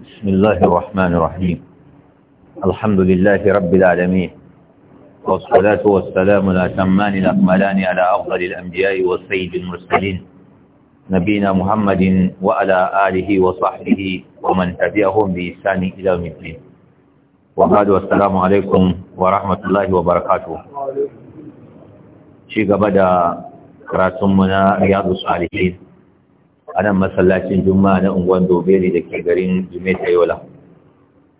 بسم الله الرحمن الرحيم الحمد لله رب العالمين والصلاة والسلام الأتمان الأكملان على أفضل الأنبياء والسيد المرسلين نبينا محمد وعلى آله وصحبه ومن تبعهم بإحسان إلى يوم الدين وبعد والسلام عليكم ورحمة الله وبركاته شيخ بدأ كراتمنا رياض الصالحين a nan masallacin juma'a na unguwan dobeli da ke garin jimeta yola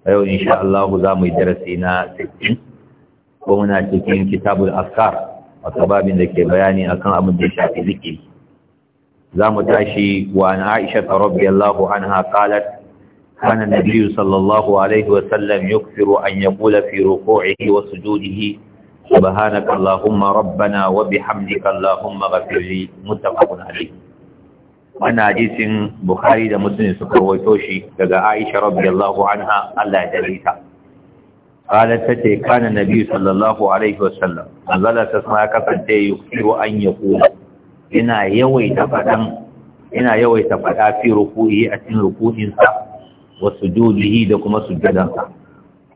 a yau insha Allah za mu yi darasi na 60 ko muna cikin kitabul Askar a babin da ke bayani akan abin da shafi zikiri za mu tashi wa an aisha ta rabbi an anha qalat kana nabiyyu sallallahu alaihi wa sallam yukthiru an yaqula fi ruku'ihi wa sujudihi سبحانك اللهم ربنا وبحمدك اللهم غفر لي متفق عليه wannan hadisin bukhari da muslim suka rawaito shi daga aisha radiyallahu anha Allah ya dare ta qalat ta ce kana nabi sallallahu alaihi wasallam azala tasma ya kasance yukiru an yaqula ina yawaita fadan ina yawaita fada fi ruku'i a cikin sa wa sujudihi da kuma sujudan sa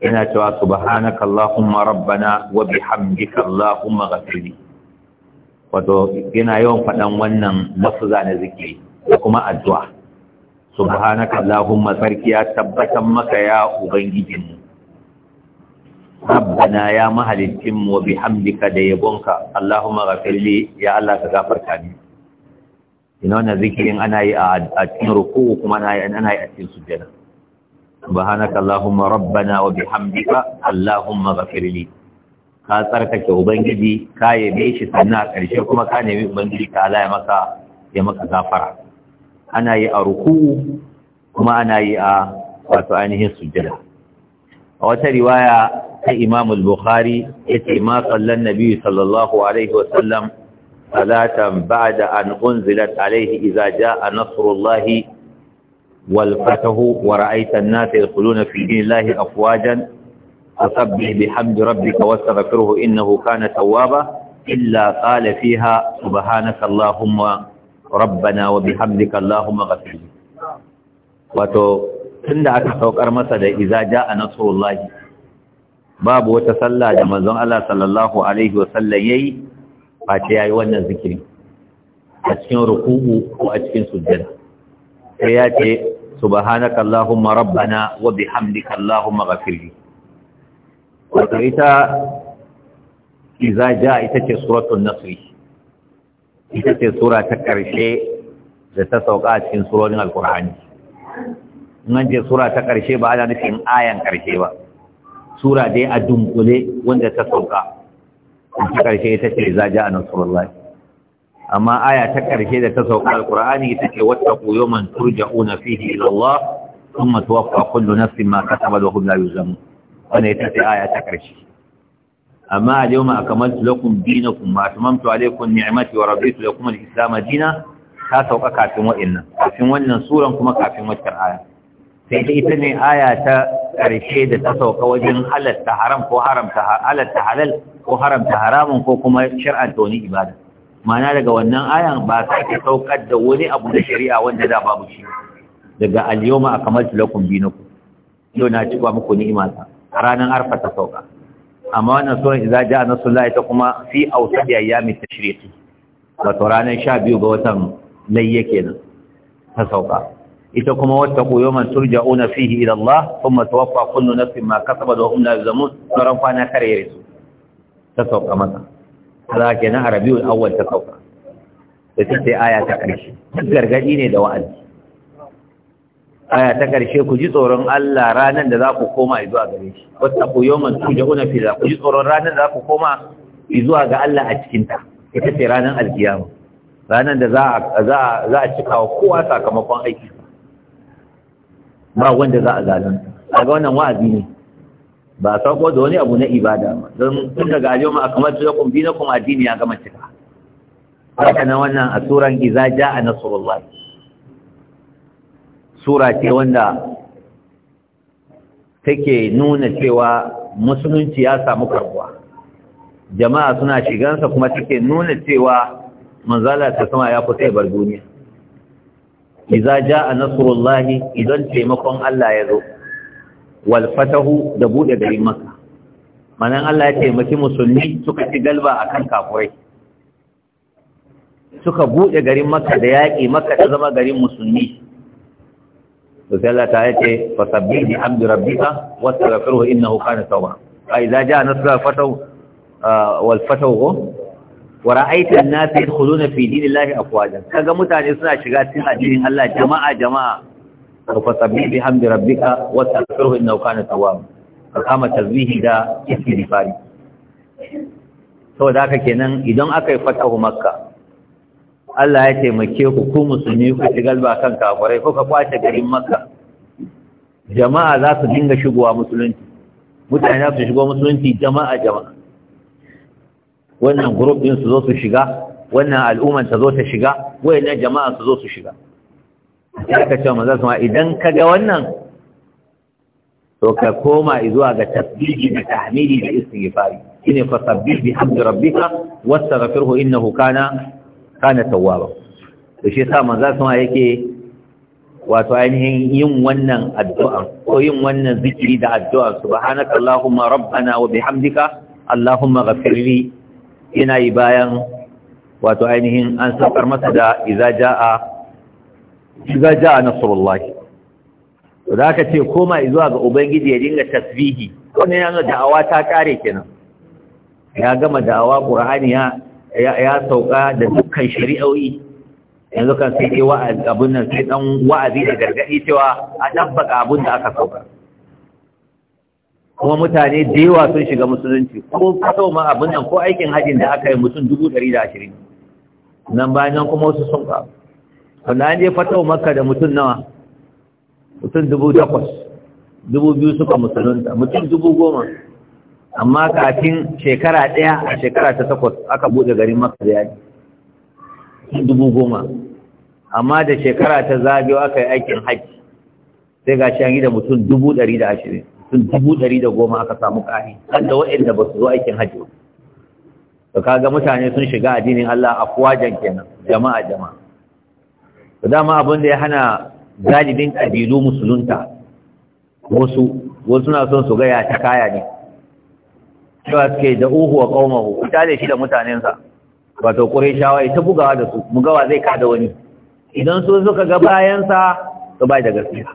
ina cewa subhanaka allahumma rabbana wa bihamdika allahumma ghafiri wato ina yawan faɗan wannan masu zane zikiri da kuma addu'a subhanaka allahumma ya tabbatan maka ya ubangijinmu rabbana ya mahalittin wa bihamdika da yabonka allahumma ghafirli ya allah ka gafarta ni ina wannan zikirin ana yi a cikin ruku kuma ana yi a cikin sujjada subhanaka allahumma rabbana wa bihamdika allahumma ghafirli ka tsarkake ubangiji ka yabe shi sannan a ƙarshe kuma ka nemi ubangiji ta ala ya maka ya maka gafara ana yi a ruku'u kuma ana yi a wato ainihin sujjada a wata riwaya ta Imam al-Bukhari yace ma sallan nabi sallallahu alaihi wasallam salatan ba'da an unzilat alaihi idza jaa nasrullahi wal fatahu wa ra'aita an-nasa yadkhuluna fi dinillahi afwajan fasabbih bihamdi rabbika wastaghfirhu innahu kana tawwaba illa qala fiha subhanaka allahumma rabbana wa bihamdika allahumma ghafir wato tunda aka saukar masa da iza jaa nasrullahi babu wata sallah da manzon Allah sallallahu alaihi wa wasallam yayi face yayi wannan zikirin a cikin ruku'u ko a cikin sujjada sai ya ce subhanaka allahumma rabbana wa bihamdika allahumma ghafir li wato ita iza jaa ita ce suratul nasr ita ce sura ta ƙarshe da ta sauka a cikin surorin alkur'ani nan ce sura ta ƙarshe ba ana nufin ayan ƙarshe ba sura dai a dunkule wanda ta sauka ta ƙarshe ita ce za ja a nasarullahi amma aya ta ƙarshe da ta sauka Alƙur'ani ita ce wata man turja una fihi ilallah Allah thumma tuwaffa kullu nafsin ma kasabat wa hum la yuzlamun wannan ita ce aya ta ƙarshe amma a yau ma a kamaltu lakun dina kun masu mamtu alaikun ni'amati wa rabitu da kuma islama dina ta sauka kafin wa'in kafin wannan suran kuma kafin wacce aya sai ta ita ne aya ta ƙarshe da ta sauka wajen halatta haram ko haramta halatta halal ko haramta haramun ko kuma shir'an wani ibada mana daga wannan ayan ba sa ta saukar da wani abu da shari'a wanda da babu shi daga al ma a kamaltu lakun dina kun yau na ci muku ni'ima ta ranar arfa ta sauka amma wannan suran idza jaa nasrullahi ta kuma fi awsadi ayyami tashriq wato ranar 12 ga watan layya kenan ta sauka ita kuma wattaqu yawman turja'una fihi ila Allah thumma tuwaffa kullu nafsin ma kasabat da hum la sauran kwana kare su ta sauka masa kaza kenan arabiul awwal ta sauka da take aya ta ƙarshe gargadi ne da wa'azi aya ta karshe ku ji tsoron Allah ranan da za ku koma izuwa gare shi wattaqu yawman tujuna fi ku ji tsoron ranan da za ku koma izuwa ga Allah a cikin ta ita ce ranan alkiyama ranan da za a za a za a cika wa kowa sakamakon aiki ba wanda za a zalunta kaga wannan wa'azi ne ba sako da wani abu na ibada ba don tun daga ajo ma kamar tuya kun bi na kuma addini ya gama cika haka na wannan a turan iza ja'a nasrullahi sura ce wanda take nuna cewa musulunci ya samu karbuwa jama'a suna shigansa kuma take nuna cewa manzala ta sama ya kusa bar duniya iza jaa nasrullahi idan taimakon Allah ya zo wal fatahu da bude garin maka, manan Allah ya taimaki musulmi suka ci galba akan kafirai suka bude garin maka da yaki maka ta zama garin musulmi to sai Allah ta yace fasabbih bihamdi rabbika wastaghfirhu innahu kana tawwaba ai da ja nasra fataw wal fataw uh, wa ra'aita an-nas yadkhuluna fi dinillahi afwaja kaga mutane suna shiga cikin addinin Allah jama'a jama'a fasabbih bihamdi rabbika wastaghfirhu innahu kana ka kama tazbihi da istighfari saboda haka kenan idan aka yi fatahu makka Allah ya taimake ku ku musulmi ku ci galba kan kafirai ka kwace garin Makka jama'a za su dinga shigowa musulunci mutane za su shigo musulunci jama'a jama'a wannan group din su zo su shiga wannan al'umman ta zo ta shiga wayannan jama'a su zo su shiga sai ka ce manzo sama idan ka ga wannan to ka koma zuwa ga tasbihi da tahmidi da istighfari shine fasabbih bihamdi rabbika wastaghfirhu innahu kana kana tawwaba to shi yasa manzo sama yake wato ainihin yin wannan addu'a ko yin wannan zikiri da addu'a subhanakallahumma rabbana wa bihamdika allahumma ghafirli ina yi bayan wato ainihin an saukar masa da idza jaa idza jaa nasrullahi da aka ce koma zuwa ga ubangiji ya dinga tasbihi wannan yana da'awa ta kare kenan ya gama da'awa qur'ani ya ya sauka da dukkan shari'o'i yanzu kan sai ke abin nan sai dan wa'azi da gargaɗi cewa a ɗabbaka abin da aka sauka kuma mutane da yawa sun shiga musulunci ko kasau ma abin nan ko aikin hajjin da aka yi mutum dubu ɗari da ashirin nan bayan nan kuma wasu sun ƙaru wanda an je fatau maka da mutum nawa mutum dubu takwas dubu biyu suka musulunta mutum dubu goma amma kafin shekara ɗaya a shekara ta takwas aka buɗe garin maka da yaƙi dubu goma amma da shekara ta zagayo aka yi aikin haji sai ga shi da mutum dubu ɗari da ashirin mutum dubu ɗari da goma aka samu ƙari kan da waɗanda ba su zo aikin haji ba to kaga mutane sun shiga addinin Allah jan kenan jama'a jama'a to dama abin da ya hana galibin ƙabilu musulunta wasu wasu na son su ga ya ta kaya ne cewa suke da uhu wa qaumahu ita da shi da mutanensa wato qurayshawa ita bugawa da su mu gawa zai kada wani idan su suka ga bayansa to bai da gaskiya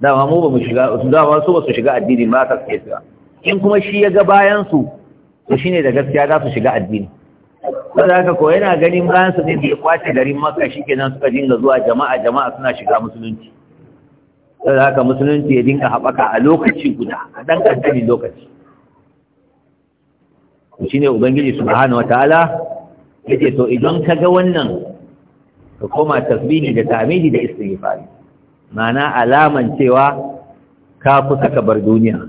dama mu ba mu shiga dama su ba su shiga addini ba ta suke shiga in kuma shi ya ga bayansu to shine da gaskiya za su shiga addini saboda haka ko yana ganin bayan ne da ya kwace garin makka shikenan suka dinga zuwa jama'a jama'a suna shiga musulunci saboda haka musulunci ya dinga haɓaka a lokaci guda a ɗan ƙanƙanin lokaci shi ne ubangiji subhanahu wataala ce to idan ka ga wannan ka koma tasbihi da ta'midi da istighfari Mana alaman cewa ka kusa ka bar duniya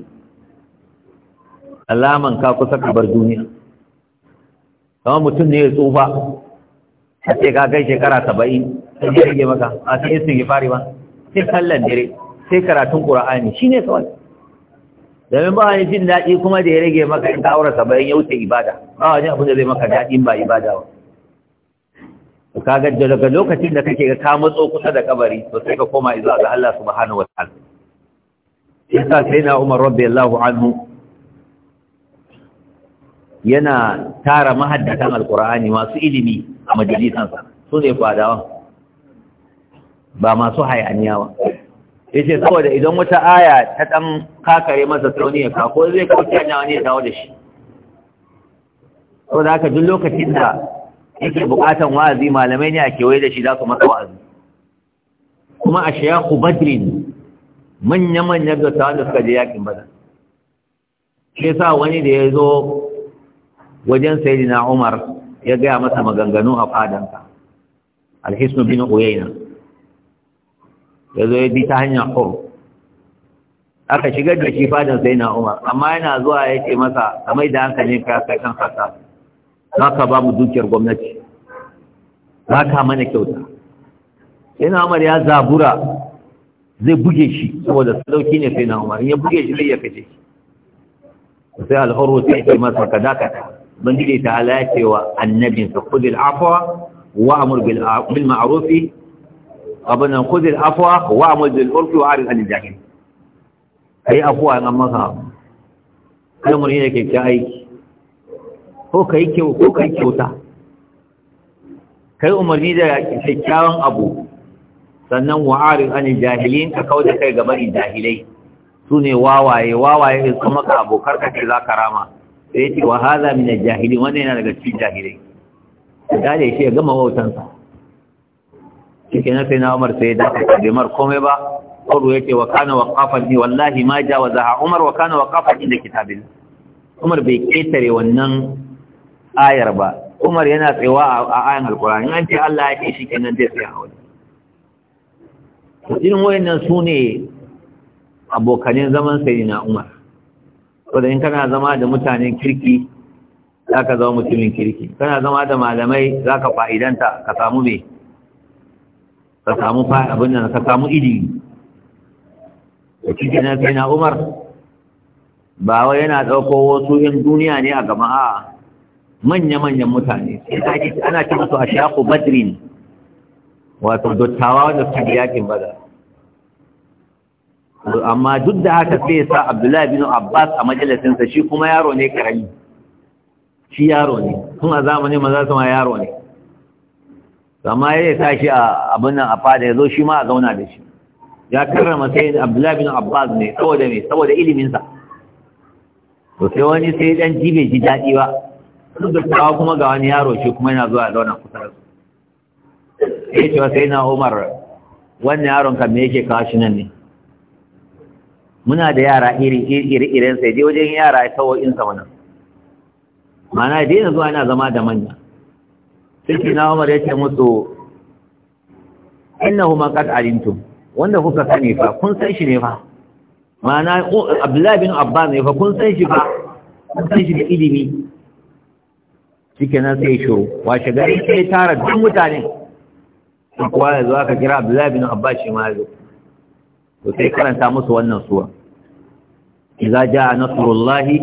alaman ka kusa ka bar duniya kamar mutum ne ya tsufa a ce ka kai shekara saba'in sai ya rage maka a sai istighfari ba sai kallon dare sai karatun qur'ani ne kawai domin ba wani jin daɗi kuma da ya rage maka in aure ka bayan ya wuce ibada ba wani abin da zai maka daɗi ba ibada ba Ka kaga daga lokacin da kake ga ka matso kusa da kabari to sai ka koma izuwa ga Allah subhanahu wataala yasa sai na Umar radiyallahu anhu yana tara mahaddatan alqur'ani masu ilimi a majalisansa su ne fadawa ba masu hayaniya ba ce saboda idan wata aya ta ɗan kakare masa tsauni ya kako zai kawo hanya wani ya dawo da shi saboda haka duk lokacin da yake bukatan wa'azi malamai ne a kewaye da shi za su masa wa'azi kuma a ku badrin manya-manyan da tawon da suka je yakin badar shi sa wani da ya zo wajen sayidina umar ya gaya masa maganganu a fadanka alhisnu bin uyayna ya zo ya bi ta hanyar hur aka shigar da shi fadan sai na umar amma yana zuwa ya ce masa a mai da hankali ka kai kan haka za ka ba mu dukiyar gwamnati za ka mana kyauta sai na umar ya zabura zai buge shi saboda sadauki ne sai na umar ya buge shi zai ya kace shi sai al'uru sai ce masa ka dakata bangide ta annabi annabinsa kudil afwa wa amur bil ma'arufi abin nan kuzil afuwa wa amudil urfi wa arid anil jahil kai afwa an maka kalmar ne ke ta aiki ko kai kyau ko yi kyauta kai umarni da kyakkyawan abu sannan wa arid anil jahilin ka da kai gaban jahilai su ne wawaye wawaye kuma ka abokar ka ce za ka rama sai ce wa haza min jahili wannan yana daga cikin jahilai da ya shi ya gama wautansa kike na sai na umar sai da ta bimar komai ba qulu yake wa kana waqafan ni wallahi ma zaha. umar wa kana waqafan inda kitabin. umar bai ketare wannan ayar ba umar yana tsewa a ayan alqur'ani an ce Allah ya ce shikenan zai sai a wani irin wayannan sune abokanin zaman na umar saboda in kana zama da mutanen kirki za ka zama mutumin kirki kana zama da malamai za ka fa'idanta ka samu me. ka samu fa abin nan ka samu iri da cikin sai na umar ba wai yana ɗauko wasu in duniya ne a gama a manya-manyan mutane ana ce musu a shaku badrin wato dottawa wanda suke yakin bada, amma duk da haka sai sa abdullahi bin abbas a majalisinsa shi kuma yaro ne karami shi yaro ne tun a zamanin maza sama yaro ne amma ya sa shi a abin nan a fada ya zo shi ma a zauna da shi ya karrama sai abdullahi bin abbas ne saboda me saboda iliminsa to sai wani sai dan jibe ji daɗi ba duk da kawo kuma ga wani yaro shi kuma yana zuwa zauna kusa da su ya ce wa sai na umar wannan yaron kan me yake kawo shi nan ne muna da yara iri iri irin sai dai wajen yara ya tawo in sa wannan ma'ana dai na zuwa yana zama da manya sai na Umar ya ce musu innahu ma qad alimtum wanda kuka sani fa kun san shi ne fa ma'ana Abdullahi bin Abbas ne fa kun san shi fa kun san shi da ilimi shikenan sai shiru washe gari sai tara duk mutanen kuwa yanzu aka kira Abdullahi bin Abbas shi ma yazo to sai karanta musu wannan suwa idza jaa nasrullahi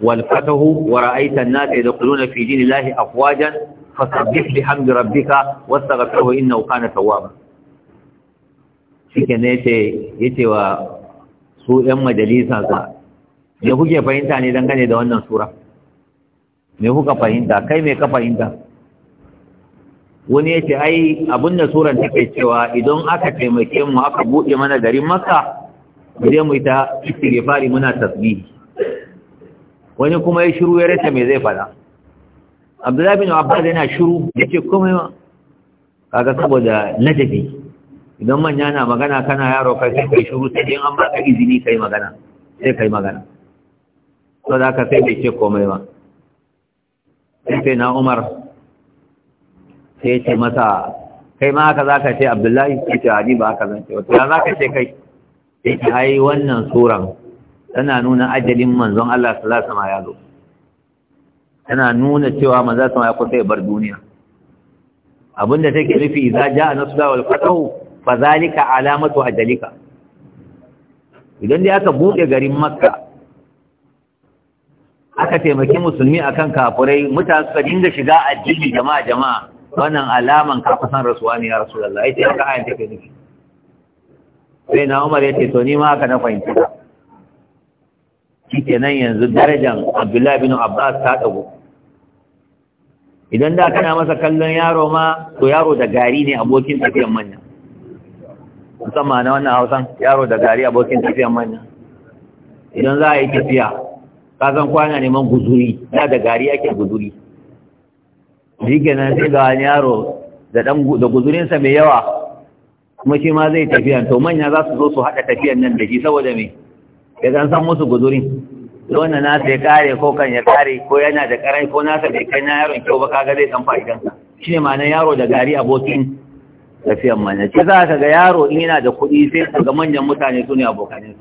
wal fatahu wa ra'aita an-nasa yadkhuluna fi dinillahi afwajan fasabbih bihamdi rabbika wastaghfirhu innahu kana tawwaba shike ne yace yace wa su ɗan majalisa za me kuke fahimta ne dangane da wannan sura me kuka fahimta kai me ka fahimta wani yace ai abinda suran take cewa idan aka taimake mu aka buɗe mana garin makka zai mu ita istighfari muna tasbihi wani kuma ya shiru ya rasa me zai faɗa abdullahi bin abbas yana shiru yace komai ma kaga saboda ladabi idan manya na magana kana yaro kai sai kai shiru sai in an baka izini kai magana sai kai magana to da ka sai bai ce komai ma sai na umar sai ce masa kai ma haka za ka ce abdullahi sai ce hadi ba haka zan ce wata ya ka ce kai sai ce ai wannan suran tana nuna ajalin manzon Allah sallallahu alaihi wasallam ya zo tana nuna cewa manzo sama ya kusa ya bar duniya abinda take nufi idza jaa nasra wal fatahu fa alamatu ajalika idan dai aka buɗe garin makka aka taimaki musulmi akan kafurai mutane suka dinga shiga addini jama'a jama'a wannan alaman kafasan rasuwa ne ya rasu lallai sai aka ayyanta ke nufi sai na umar ya ce to ni ma haka na fahimci ka. shi kenan yanzu darajan abdullahi bin abbas ta ɗago idan da kana masa kallon yaro ma to yaro da gari ne abokin tafiyan manya musamman na wannan hausan yaro da gari abokin tafiyan manya idan za a yi tafiya ka san kwana neman guzuri na da gari ake guzuri shi nan sai ga wani yaro da guzurinsa mai yawa kuma shi ma zai tafiya, to manya za su zo su haɗa tafiyan nan da shi saboda me ya san musu guzurin wannan nasa ya kare ko kan ya kare ko yana da karai ko nasa bai kai na yaron kyau ba kaga zai dan fa'idan shi ne ma'anar yaro da gari abokin tafiyan mana ce za ka ga yaro in yana da kuɗi sai ka ga manyan mutane su ne abokanin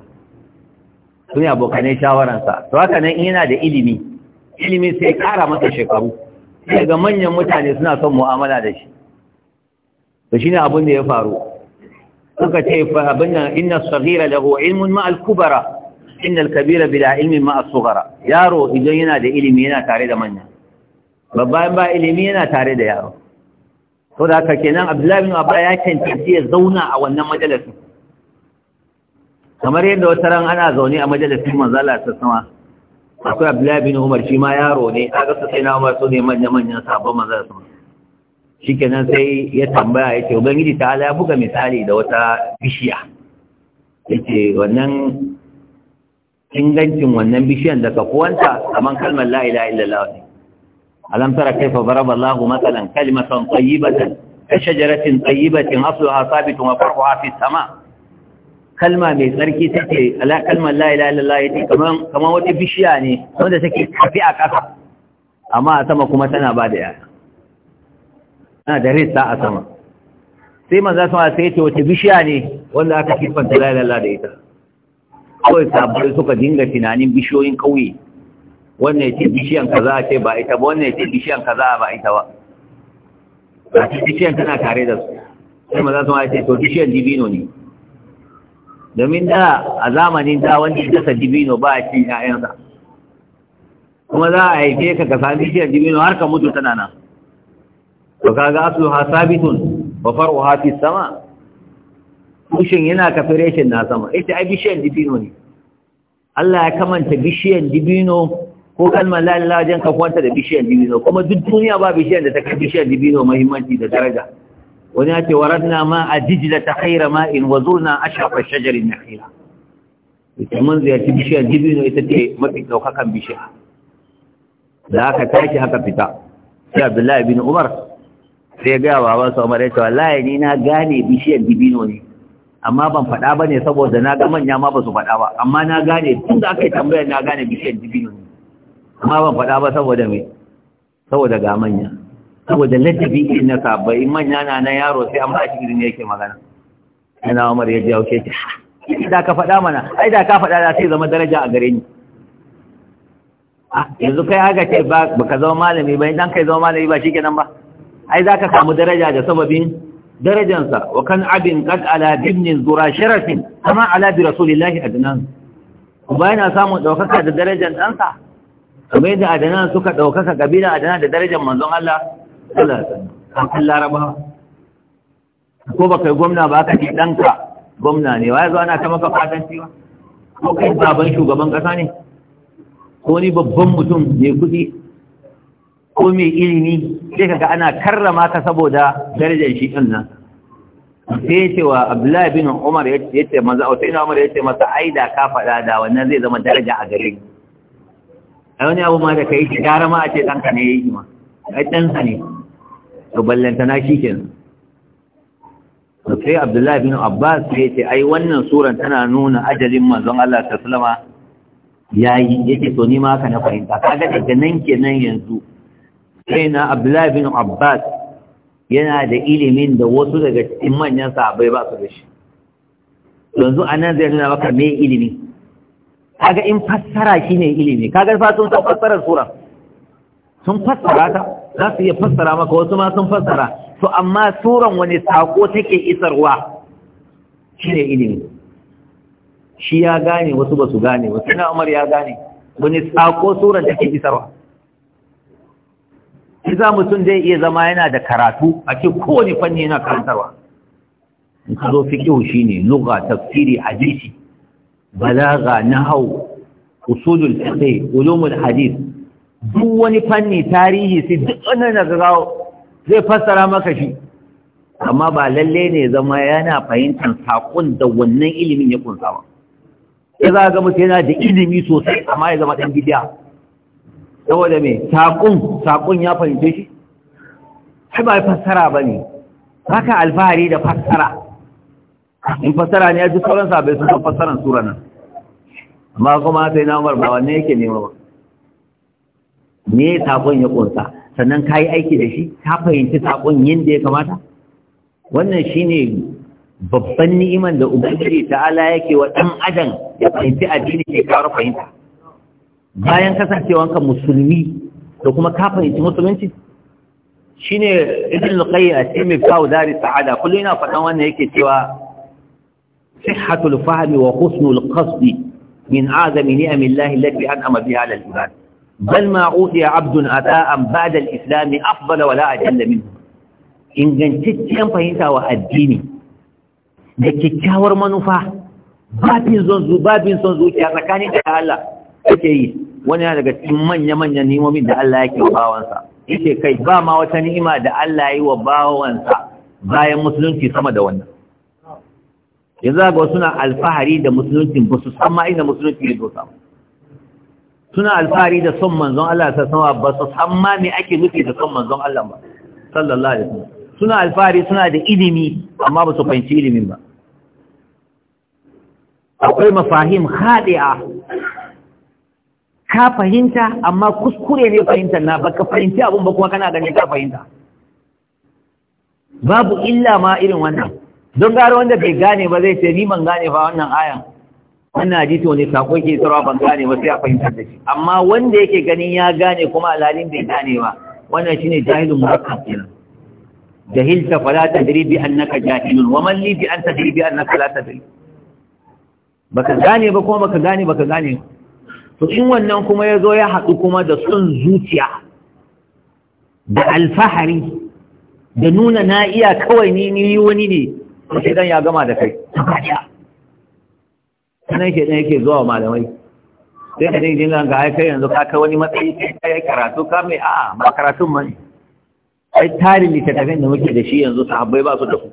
su ne abokanin shawaran sa to haka nan in yana da ilimi ilimi sai kara masa shekaru sai ga manyan mutane suna son mu'amala da shi to shine abin da ya faru suka ce fa abin nan inna as-saghira lahu ilmun ma al-kubara innal kabira bila ilmin ma asghara yaro idan yana da ilimi yana tare da manya babba ba ilimi yana tare da yaro to da haka kenan Abdullahi bin Abba ya cancanci ya zauna a wannan majalisin kamar yadda wata ran ana zaune a majalisin manzo Allah ta sama akwai Abdullahi bin Umar shi ma yaro ne kaga su sai na Umar su ne manyan manyan sabon manzo Allah shikenan sai ya tambaya yace ubangiji ta Allah ya buga misali da wata bishiya yake wannan ingancin wannan bishiyan da kafuwanta kamar kalmar la ilaha illallah ne alam tara kaifa baraba Allah matsalan kalimatan tayyibatan ka shajaratin tayyibatin asluha sabitun wa far'uha fi sama kalma mai tsarki take ala kalmar la ilaha illallah kamar kaman wata bishiya ne wanda take kafi a ƙasa. amma a sama kuma tana ba da yaya Tana da rissa a sama sai manzo sama sai ce wata bishiya ne wanda aka kifanta la ilaha illallah da ita kawai sabbai suka dinga tunanin bishiyoyin ƙauye wannan ya bishiyan kaza a ce ba ita ba wannan ya bishiyan kaza ba ita ba a ce bishiyan tana tare da su sai maza su ma ce to bishiyan dibino ne domin da a zamanin da wanda ya kasa dibino ba a cin ƴaƴansa kuma za a haife ka ka sami bishiyar dibino har ka mutu tana nan to kaga asluha sabitun wa far'uha fi sama tushen yana kafireshin na sama ita ai bishiyan dibino ne Allah ya kamanta bishiyan dibino ko kalmar la wajen kafuwanta da bishiyan dibino kuma duk duniya ba bishiyan da ta kai bishiyan dibino muhimmanci da daraja wani ya ce na ma a dijila ta haira ma in wazo na a shafa shajarin haira ita mun ziyarci bishiyan dibino ita ce mafi ɗaukakan bishiya da aka tashi haka fita sai Abdullahi bin Umar sai ya gaya wa babansa Umar ya ce wallahi ni na gane bishiyan dibino ne amma ban faɗa ba ne saboda na ga manya ma ba su faɗa ba amma na gane tun da aka yi tambaya na gane bishiyar dibino ne amma ban faɗa ba saboda me saboda ga manya saboda ladabi in na saba in manya na na yaro sai an ba shi irin yake magana yana umar ya ji ce. ki da ka faɗa mana ai da ka faɗa da sai zama daraja a gare ni ah, yanzu kai haka ce ba ka zama malami ba in dan kai zama malami ba shi kenan ba ai za ka samu daraja da sababin darajansa wa kan abin kad ala bibnin zura sharafin kama ala bi rasulillahi adnan kuma yana samun daukaka da darajar ɗansa kamar yadda adnan suka daukaka kabila adnan da darajar manzon Allah sallallahu alaihi wasallam kan Larabawa. ko baka gwamna ba ka ji danka gwamna ne wai zo ana ta maka fatan ciwa ko kai baban shugaban kasa ne ko ni babban mutum ne kudi ko mai ilimi sai kaga ana karrama ka saboda darajar shi din nan sai ya ce wa abdullahi bin umar ya ce maza a wata ina umar ya ce masa ai da ka faɗa da wannan zai zama daraja a gare a wani abu ma da ka yi shi gara ma a ce ɗanka ne ya yi ma a ɗansa ne to na shi ke sai abdullahi bin abbas ya ce ai wannan suran tana nuna ajalin manzon Allah ta salama ya yi ya ce to ni ma haka na fahimta kaga daga nan kenan yanzu kaina abdullahi bin abbas yana da ilimin da wasu daga cikin manyan sahabbai ba su da shi yanzu nan zai nuna maka me ilimi kaga in fassara shine ilimi kaga fa sun san fassarar sura sun fassara ta za su iya fassara maka wasu ma sun fassara to amma suran wani sako take isarwa shine ilimi shi ya gane wasu ba su gane wasu na umar ya gane wani sako suran take isarwa Iza mutum zai iya zama yana da karatu a ce kowane fanni yana karantarwa in ka zo kyau shi ne lugha tafsiri hadisi balaga nahau usulul fiqh ulumul hadis duk wani fanni tarihi sai duk wannan daga zai fassara maka shi amma ba lalle ne zama yana fahimtar saƙon da wannan ilimin ya kunsa ba Iza ga mutum yana da ilimi sosai amma ya zama ɗan gidiya. da mai saƙon saƙon ya fahimce shi ai ba fassara ba ne haka alfahari da fassara in fassara ne ya ji sauran sabai sun san fassaran sura nan amma kuma sai na umar ba wanne yake nema ba me saƙon ya ƙunsa sannan ka yi aiki da shi ka fahimci saƙon yadda ya kamata wannan shi ne babban ni'iman da ubangiji ta'ala yake wa ɗan adam ya fahimci addini ke kawar fahimta bayan kasancewanka musulmi da kuma ka fahimci musulunci shine ne al-qayyim a cikin miftahu sa'ada kullum yana faɗan wannan yake cewa Sihatul fahmi wa husnul qasdi min azami ni'amillahi allati an'ama biha 'ala al-ibad bal ma a 'abdun ata'an ba'da al-islam afdal wala a ajalla minhu ingantaccen fahimta wa addini da kyakkyawar manufa babin son zuciya tsakanin da Allah kake yi wani yana daga cikin manya-manyan nimomi da Allah yake wa bawansa yace kai ba ma wata ni'ima da Allah yi wa bawansa bayan musulunci sama da wannan yanzu ga wasu na alfahari da musulunci ba su san ma inda musulunci ya dosa suna alfahari da son manzon Allah ta sama ba su san ma me ake nufi da son manzon Allah ba sallallahu alaihi wasallam suna alfahari suna da ilimi amma ba su fahimci ilimin ba akwai mafahim khadi'a ka fahimta amma kuskure ne fahimtar na baka fahimci abin ba kuma kana ganin ka fahimta babu illa ma irin wannan don gara wanda bai gane ba zai ce ni ban gane ba wannan ayan wannan hadisi wani sako ke tsara ban gane ba sai a fahimtar da shi amma wanda yake ganin ya gane kuma alalin bai gane ba wannan shine jahilun murakkab kenan jahilta fala tadri bi annaka jahilun wa man li bi an tadri bi annaka la tadri baka gane ba kuma baka gane baka gane ba to in wannan kuma ya zo ya haɗu kuma da son zuciya da alfahari da nuna na iya kawai ni ni wani ne to shaidan ya gama da kai ke ɗan yake zuwa malamai sai ka dai dinga ga kai yanzu ka kai wani matsayi kai karatu ka mai a'a ba karatun ba ne ai tarin littattafin da muke da shi yanzu sahabbai ba su da su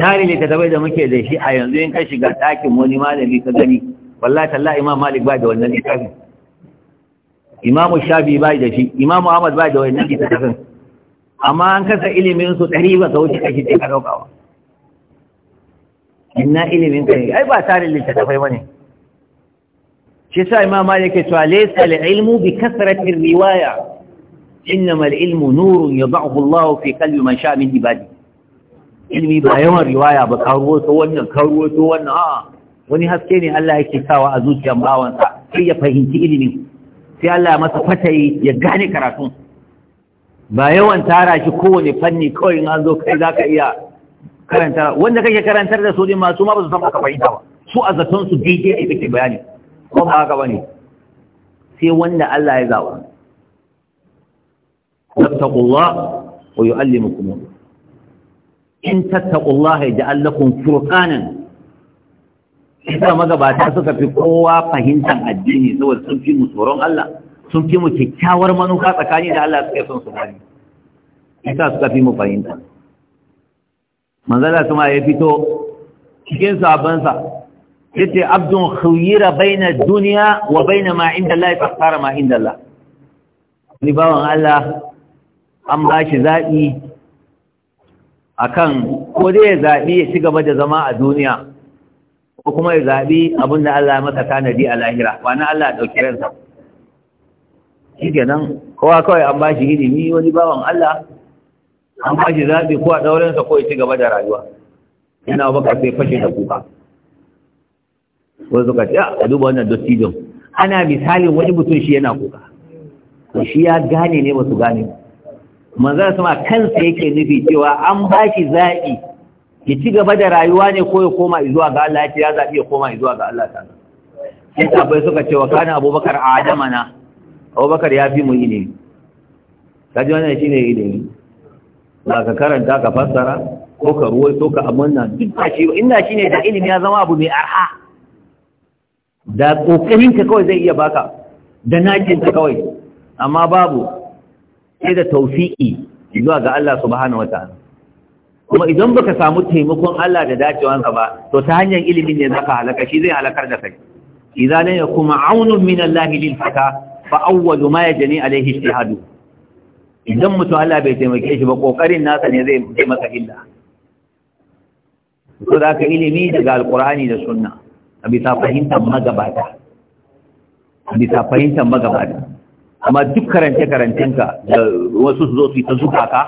tarin littattafai da muke da shi a yanzu in ka shiga ɗakin wani malami ka gani wallahi tallahi imam malik bai da wannan littafin imamu shafi bai da shi imamu ahmad bai da wannan littafin amma an kasa ilimin su ɗari ba ka wuce kashi ka ɗaukawa inna ilimin ka ai ba tarin littattafai bane shi sa imam malik ya ce laysa al-ilmu bi kasrati riwaya إنما العلم نور يضعه الله في قلب من شاء من عباده علمي با yawan riwaya ba karuwato wannan karuwato wannan a'a wani haske ne Allah yake sawa a zuciyar bawansa sai ya fahimci ilimi sai Allah ya masa fatayi ya gane karatun ba yawan tara shi kowane fanni kawai an zo kai za ka iya karanta wanda kake karantar da su ne masu ma ba su san baka fahimta ba su a zaton su daidai ne kake bayani ko ba haka bane sai wanda Allah ya zaba wattaqullah wa yu'allimukum in tattaqullaha yaj'al lakum furqanan isa magabata suka fi kowa fahimtar addini saboda sun fi mu tsoron Allah sun fi mu kyakkyawar manufa tsakani da Allah suka son su gani isa suka fi mu fahimta manzala kuma ya fito cikin sabansa yace abdun khuyira baina dunya wa baina ma inda Allah fa ma inda Allah ni bawan Allah an ba shi zaɓi akan ko dai ya zaɓi ya ci gaba da zama a duniya ko kuma ya zaɓi abin da Allah masa tanadi a lahira wani Allah ɗauki ransa shi kenan kowa kawai an ba shi ilimi wani bawan Allah an ba shi zaɓi ko a ɗaurinsa ko ya ci gaba da rayuwa yana baka sai fashe da kuka wasu suka ce a duba wannan dottijin ana misalin wani mutum shi yana kuka to shi ya gane ne ba su gane manzara sama kansa yake nufi cewa an ba shi zaɓi ya ci gaba da rayuwa ne ko ya koma zuwa ga Allah ya ce ya zaɓi ya koma zuwa ga Allah ta sai bai suka ce wa kana abubakar a Adama na. abubakar ya fi mu ilimi ji wannan shi ne ilimi ba ka karanta ka fassara ko ka ruwa ko ka amanna duk da shi inda shi ne da ilimi ya zama abu mai arha da ka kawai zai iya baka da ka kawai amma babu sai da taufiki zuwa ga Allah subhanahu ta'ala kuma idan baka samu taimakon Allah da dacewansa ba to ta hanyar ilimin ne zaka halaka shi zai halakar da kai idan lam kuma aunun min Allah lil fata fa awwal ma yajni alaihi ijtihadu idan mutum Allah bai taimake shi ba kokarin nasa ne zai masa illa to da ka ilimi daga alqur'ani da sunna abi ta fahimtar magabata abi ta fahimta magabata amma duk karance karantenka da wasu su zo su yi ta zuka ka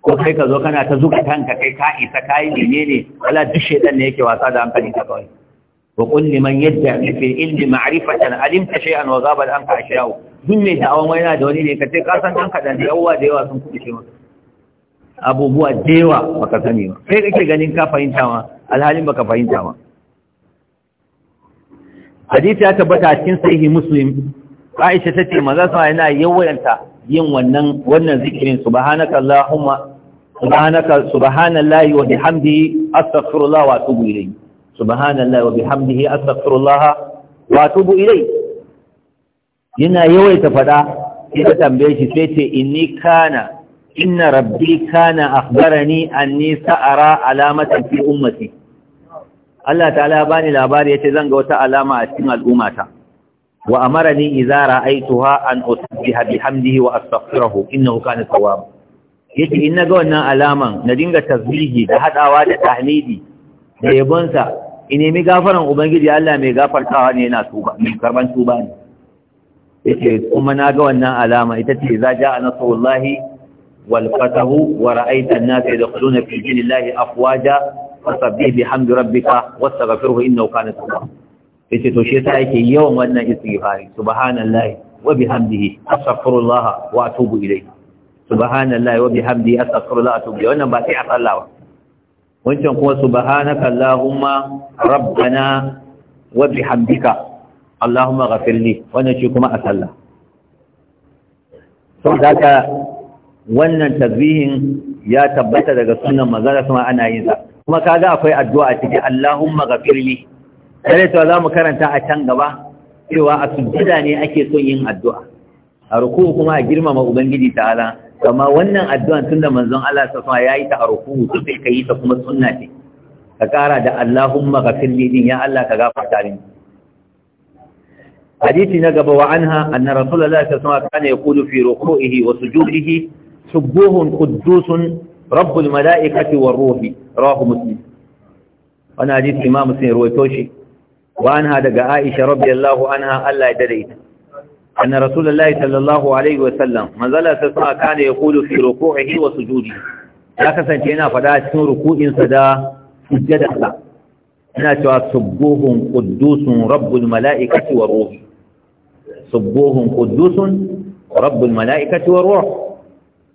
ko sai ka zo kana ta zuka kanka kai ka isa kai menene wala duk shedan ne yake wasa da hankali ta kawai wa qul liman yadda fi ilmi ma'rifatan alimta shay'an wa an anka ashya'u duk mai da'awan wai yana da wani ne ka ce ka san kanka da yawa da yawa sun ce maka abubuwa da yawa baka sani ba kai kake ganin ka fahimta ma alhalin baka fahimta ma hadisi ya tabbata a cikin sahihi muslim Aisha tace maza sa yana yawayanta yin wannan wannan zikirin subhanaka allahumma subhanaka subhanallahi wa bihamdihi astaghfirullah wa atubu ilayhi subhanallahi wa bihamdihi astaghfirullah wa atubu ilayhi yana yawaita fada sai ta tambaye shi sai ce inni kana inna rabbi kana akhbarani anni sa'ara alamatan fi ummati Allah ta'ala bani labari yace zan ga wata alama a cikin al'ummata wa amarani idza ra'aytuha an usabbiha bihamdihi wa astaghfiruhu innahu kana tawwab yace in naga wannan alaman na dinga tasbihi da hadawa da tahmidi da yabonsa in nemi gafaran ubangiji Allah mai gafartawa ne yana tuba mai karban tuba ne yace kuma naga wannan alama ita ce za ja'a nasrullahi wal fatahu wa ra'aita an-nasa yadkhuluna fi dinillahi afwaja fasabbih bihamdi rabbika wastaghfirhu innahu kana tawwab yace to shi yasa yake yawan wannan istighfari subhanallahi wa bihamdihi astaghfirullah wa atubu ilayhi subhanallahi wa bihamdihi astaghfirullah wa atubu ilayhi wannan ba sai a sallawa wancan kuma subhanaka allahumma rabbana wa bihamdika allahumma ghafirli wannan shi kuma a sallah saboda haka wannan tasbihin ya tabbata daga sunan manzon sama ana yin sa kuma kaga akwai addu'a cikin allahumma ghafirli kare ta za mu karanta a can gaba cewa a sujjada ne ake son yin addu'a a ruku kuma a girmama ubangiji ta'ala kama wannan addu'an tunda manzon Allah ta sa yayi ta a ruku to sai kai ta kuma sunna ce ka kara da Allahumma ghafir li din ya Allah ka gafarta min hadisi na gaba wa anha anna rasulullahi sallallahu alaihi wasallam kana yaqulu fi ruku'ihi wa sujudihi subuhun quddusun rabbul mala'ikati war ruhi Rahu muslim wannan hadisi imam muslim ruwaito shi وأنها دقى عائشة رضي الله عنها ألا يدريت أن رسول الله صلى الله عليه وسلم من ظل سسعى كان يقول في ركوعه وسجوده لا كسنتينا فلا تكون ركوع صدى سجد أخلا أنا توا سبوه قدوس رب الملائكة والروح سبوه قدوس رب الملائكة والروح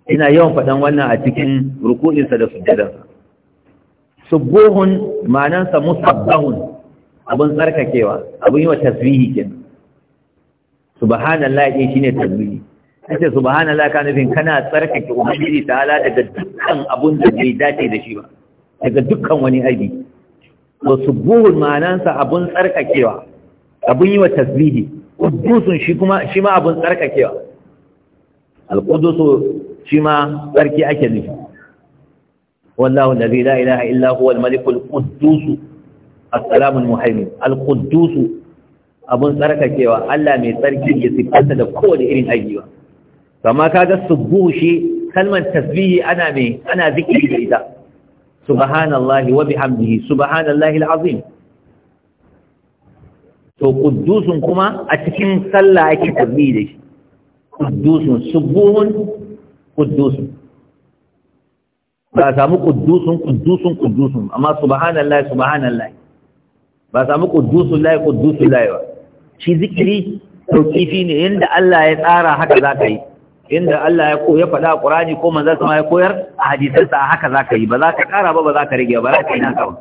ina yawan faɗan wannan a cikin rukuninsa da sujjadansa subuhun ma'anansa musabbahun abin tsarkakewa abin yi wa tasbihi ke subhanallah ke shine tasbihi kace subhanallah ka nufin kana tsarkake ubangiji ala daga dukkan abun da bai dace da shi ba daga dukkan wani aibi to subuhul ma'anansa abun tsarkakewa abun yi wa tasbihi qudusun shi kuma shi ma abun tsarkakewa alqudusu shi ma tsarki ake nufi wallahu allazi la ilaha illa huwa al-malikul quddus assalamu muhaimin al-quddusu abun tsarkakewa Allah mai tsarki ya siffanta da kowane irin aiki ba amma kaga subuhu shi kalmar tasbihi ana mai ana zikiri da ita subhanallahi wa bihamdihi subhanallahi al to quddusun kuma a cikin sallah ake tasbihi da shi quddusun subuhun quddusun ba samu quddusun quddusun quddusun amma subhanallahi subhanallahi ba samu ƙuddusun layi ƙuddusun layi ba shi zikiri tauƙifi ne inda Allah ya tsara haka za ka yi inda Allah ya ya faɗa a ƙurani ko manzan sama ya koyar a hadisarsa, haka za ka yi ba za ka ƙara ba ba za ka rage ba za ka yi naka ba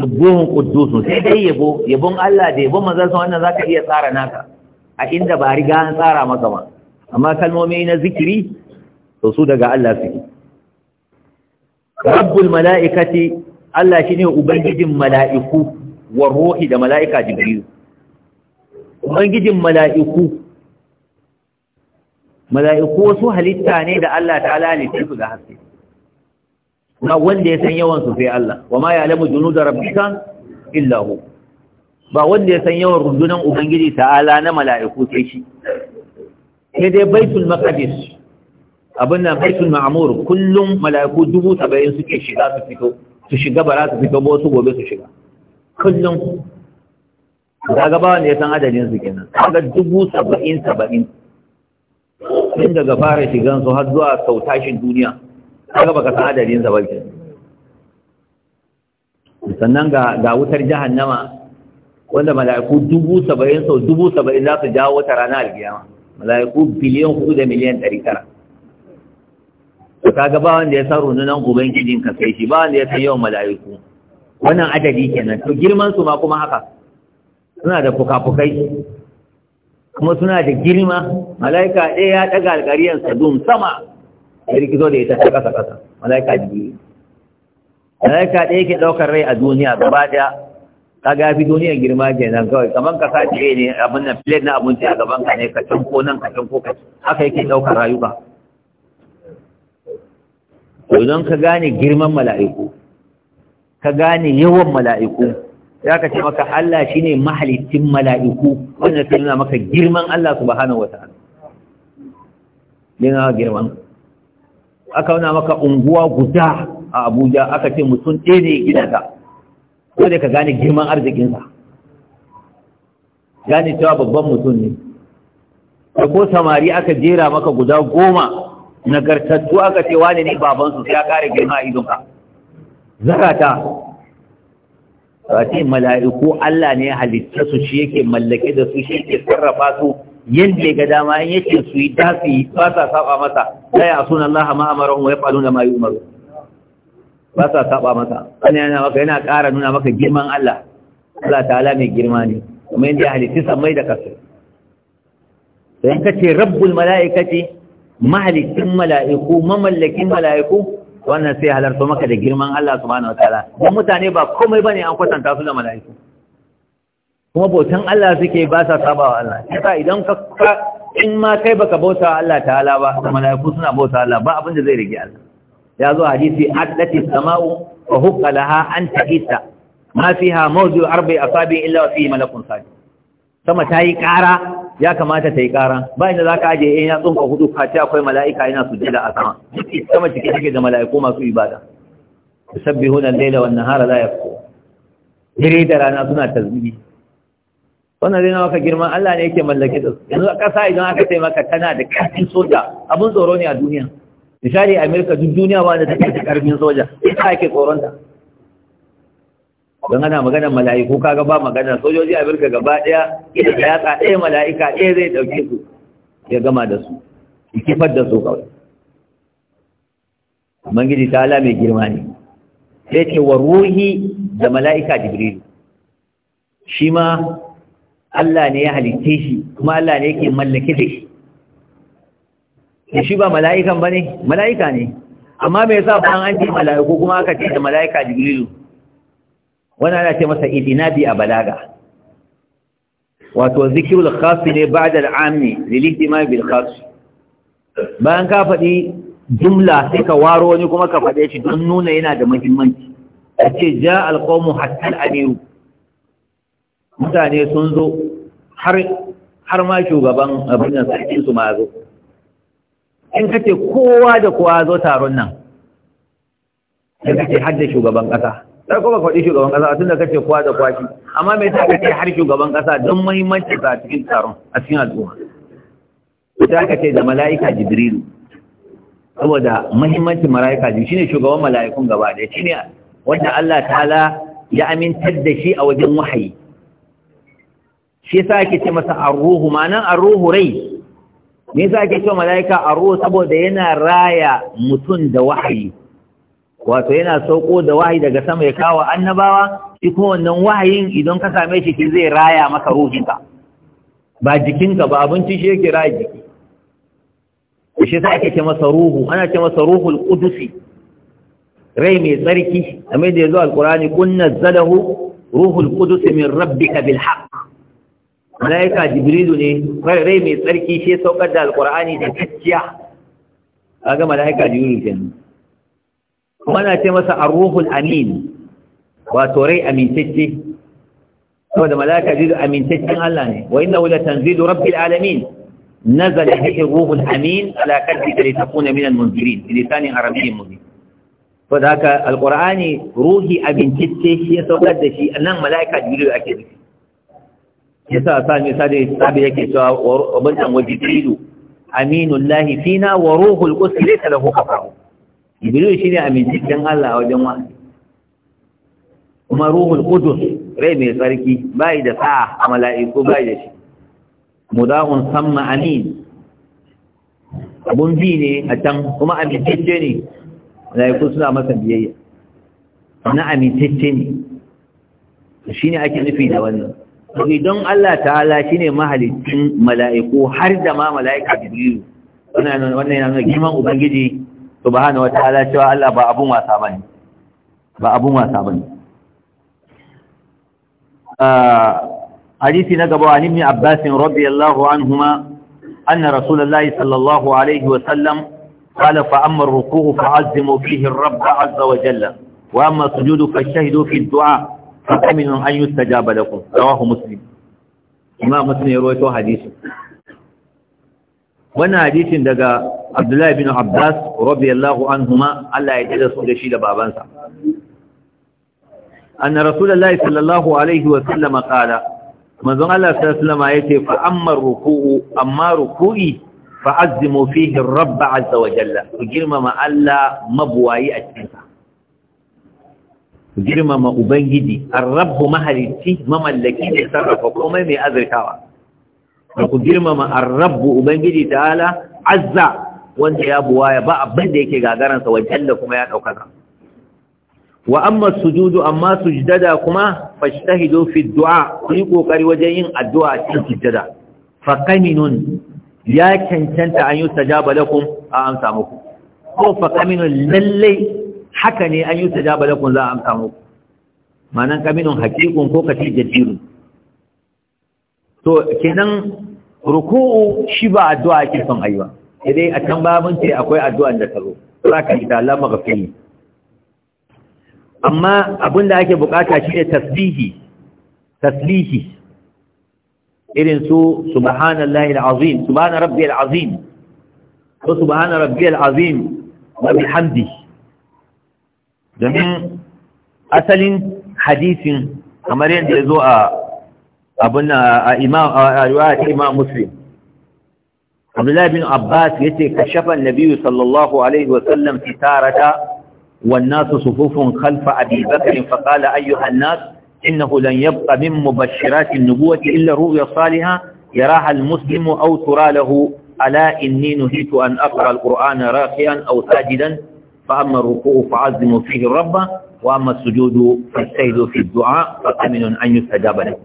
subuhun ƙuddusun sai dai yabo yabon Allah da yabon manzan sama wannan za ka iya tsara naka a inda ba riga an tsara maka ba amma kalmomi na zikiri to su daga Allah suke rabbul mala'ikati Allah shi ne ubangijin mala'iku wa ruhi da mala'ika jibril ubangijin mala'iku mala'iku wasu halitta ne da Allah ta halitta su da haske na wanda ya san yawan su sai Allah wa ma ya ya'lamu junuda rabbika illa Illahu. ba wanda ya san yawan rundunan ubangiji ta'ala na mala'iku sai shi sai dai baitul maqdis abin nan baitul Ma'amur, kullum mala'iku dubu saba'in suke shiga su fito su shiga ba za su fito ba wasu gobe su shiga kullum Za ba wanda ya san adadin su kenan daga dubu saba'in saba'in tun daga fara shigan su har zuwa sau tashin duniya daga baka san adadin sa ba kenan sannan ga ga wutar jahannama wanda mala'iku dubu saba'in sau dubu saba'in za su jawo wata rana alkiyama mala'iku biliyan hudu da miliyan ɗari tara kaga ba wanda ya san rundunan ubangijin ka sai shi ba wanda ya san yawan mala'iku wannan adadi kenan to girman su ma kuma haka suna da fukafukai kuma suna da girma mala'ika ɗaya ya ɗaga alƙariyar sadum sama ya rikizo da ita ta ƙasa ƙasa mala'ika jibiri mala'ika ɗaya ke ɗaukar rai a duniya gaba ɗaya kaga ya fi duniya girma kenan kawai kamar ka sa ne abin nan plate na abinci a gaban ka ne ka canko nan ka canko ka haka yake ɗaukar rayuka idan ka gane girman mala'iku ka gane yawan mala'iku ya ka ce maka Allah shi ne mahalittin mala'iku wanda ta nuna maka girman Allah su bahana wata yana girman aka nuna maka unguwa guda a abuja aka ce mutum ɗaya ne gina ko dole ka gane girman arzikinsa gane cewa babban mutum ne da ko samari aka jera maka guda goma nagartattu aka ce wane ne babansu sai ya kare girma a idonka zarata ba ce mala'iku Allah ne halitta su shi yake mallake da su shi yake sarrafa su yadda ya ga dama in yake su yi dafi ba sa saba masa la a sunan Allah ma amarahum wa da mayu umaru ba sa saba masa ana yana maka yana ƙara nuna maka girman Allah Allah ta'ala mai girma ne kuma yadda ya halitta sammai da kasu sai ka ce rabbul mala'ikati Mahalikin mala'iku mamallakin mala'iku wannan sai halarta maka da girman Allah subhanahu wataala dan mutane ba komai bane an kwatanta su da mala'iku kuma bautan Allah suke ba sa sabawa Allah sai idan ka in ma kai baka bauta Allah ta'ala ba da mala'iku suna bauta Allah ba abin da zai rage Allah ya zo hadisi atlati sama'u wa hukka laha an ta'ita ma fiha mawdu'u arba'i asabi illa fi malakun sajid sama tayi ƙara ya kamata ta yi ƙara Ba inda za ka ajiye yin yatsun ka hudu kaci akwai mala'ika yana sujjada a sama duk cikin cike da mala'iku masu ibada yusabbihuna al-laila wan nahara ya yaftu Jiri da rana suna tasbihi wannan zai maka girma Allah ne yake mallake da su yanzu a ƙasa idan aka sai maka tana da ƙarfin soja abun tsoro ne a duniya misali Amerika duk duniya ba da take da ƙarfin soja ita ake tsoronta don ana maganar mala'iku kaga ba magana sojoji a birka gaba ɗaya ita da yatsa ɗaya mala'ika ɗaya zai ɗauke su ya gama da su ya kifar da su kawai gidi ta ala mai girma ne sai ce wa ruhi da mala'ika jibrilu shi ma Allah ne ya halitta shi kuma Allah ne yake mallake da shi shi ba mala'ikan ba ne mala'ika ne amma me yasa ba an ce mala'iku kuma aka ce da mala'ika jibrilu wannan ana ce masa idinabi a balaga wato zikirul khas ne ba'da al'ammi lilihtimam bil khas bayan ka faɗi jumla sai ka waro wani kuma ka faɗe shi don nuna yana da muhimmanci a ce ja alqawmu hatta al'amiru mutane sun zo har har ma shugaban abin nan sarkin su ma zo in kace kowa da kowa zo taron nan Ya kace har da shugaban ƙasa. sai kuma faɗi shugaban ƙasa tunda kace kwa da kwaki amma me yasa kace har shugaban ƙasa don muhimmanci ta cikin taron a cikin al'umma sai kace da mala'ika jibrilu saboda muhimmancin mala'ika jibrilu shine shugaban mala'ikun gaba da shine wanda Allah ta'ala ya amintar da shi a wajen wahayi shi yasa ake ce masa arruhu ma'anan arruhu rai me yasa ake ce mala'ika arruhu saboda yana raya mutum da wahayi wato yana sauko da wahayi daga sama ya kawo annabawa shi kuma wannan wahayin idan ka same shi shi zai raya maka ruhinka ba jikinka ba abinci shi yake raya jiki shi sa ake ce masa ruhu ana ce masa ruhul qudusi rai mai tsarki amma da yazo alqurani kun nazzalahu ruhul qudusi min rabbika bil haqq malaika jibrilu ne rai mai tsarki shi saukar da alqurani da gaskiya kaga malaika jibrilu kenan mana ce masa arruhul amin wato rai amintacce saboda malaka jiru amintaccen Allah ne wa innahu la tanzilu rabbil alamin nazala bihi ruhul amin ala qalbika litakuna minal munzirin bi lisanin arabiyyin mubin saboda haka alqur'ani ruhi amintacce shi ya saukar da shi nan malaka jiru ake nufi yasa sa misali sabi yake cewa wa bantan wajibilu aminullahi fina wa ruhul qudus laysa lahu qafaru jibril shine amintaccen Allah a wajen wani kuma ruhul Kudus rai mai tsarki bai da sa'a a mala'iku bai da shi mudahun samma amin abun bi ne a can kuma amintacce ne mala'iku suna masa biyayya na amintacce ne shi ne ake nufi da wannan to idan Allah ta'ala shi ne mahalicin mala'iku har da ma mala'ika jibrilu wannan yana nuna girman ubangiji subhanahu wataala cewa Allah ba abun wasa bane ba abun wasa bane ah, hadisi na gaba an ibn Abbas radiyallahu anhuma anna sallallahu wa sallam qala fa amma ar-ruku'u fa'azzimu fihi ar-rabb 'azza wa jalla wa amma as-sujudu fi ad-du'a fa'aminu an yustajaba lakum rawahu muslim imam muslim ya rawaito hadisi wannan hadisin daga abdullahi bin abbas radiyallahu anhuma Allah ya tada su da shi da babansa anna rasulullahi sallallahu alaihi wa sallam qala manzon Allah sallallahu alaihi wa sallam yace fa amma ruku'u amma ruku'i fa'azzimu fihi rabb azza wa jalla ku girmama Allah mabwayi a cikin sa ku girmama ubangiji ar-rabb mahalici mamallaki ne sarrafa komai mai azurtawa ku girmama ar-rabb ubangiji ta'ala azza wanda ya buwaya ba abin da yake gagaransa wajen da kuma ya ɗaukaka wa amma sujudu amma sujjada kuma fashtahidu fi du'a ku yi kokari wajen yin addu'a a cikin sujjada fa qaminun ya cancanta an yi yustajaba lakum a amsa muku ko fa qaminun lalle haka ne an yi yustajaba lakum za a amsa muku manan qaminun haqiqun ko kace jadirun to kenan ruku'u shi ba addu'a ake son ayi ba idai a can babin ce akwai addu'an da taro za ka ita Allah maghfiri amma abin da ake bukata shi ne tasbihi tasbihi irin su subhanallahi alazim subhana rabbiyal azim ko subhana rabbiyal azim wa bihamdihi domin asalin hadisin kamar yadda ya zo a abin a imam a riwaya ta imam muslim عبد الله بن عباس يتي كشف النبي صلى الله عليه وسلم ستارة والناس صفوف خلف أبي بكر فقال أيها الناس إنه لن يبقى من مبشرات النبوة إلا رؤيا صالحة يراها المسلم أو ترى له ألا إني نهيت أن أقرأ القرآن راقيا أو ساجدا فأما الركوع فعظموا فيه الرب وأما السجود فاجتهدوا في الدعاء فأمن أن يستجاب له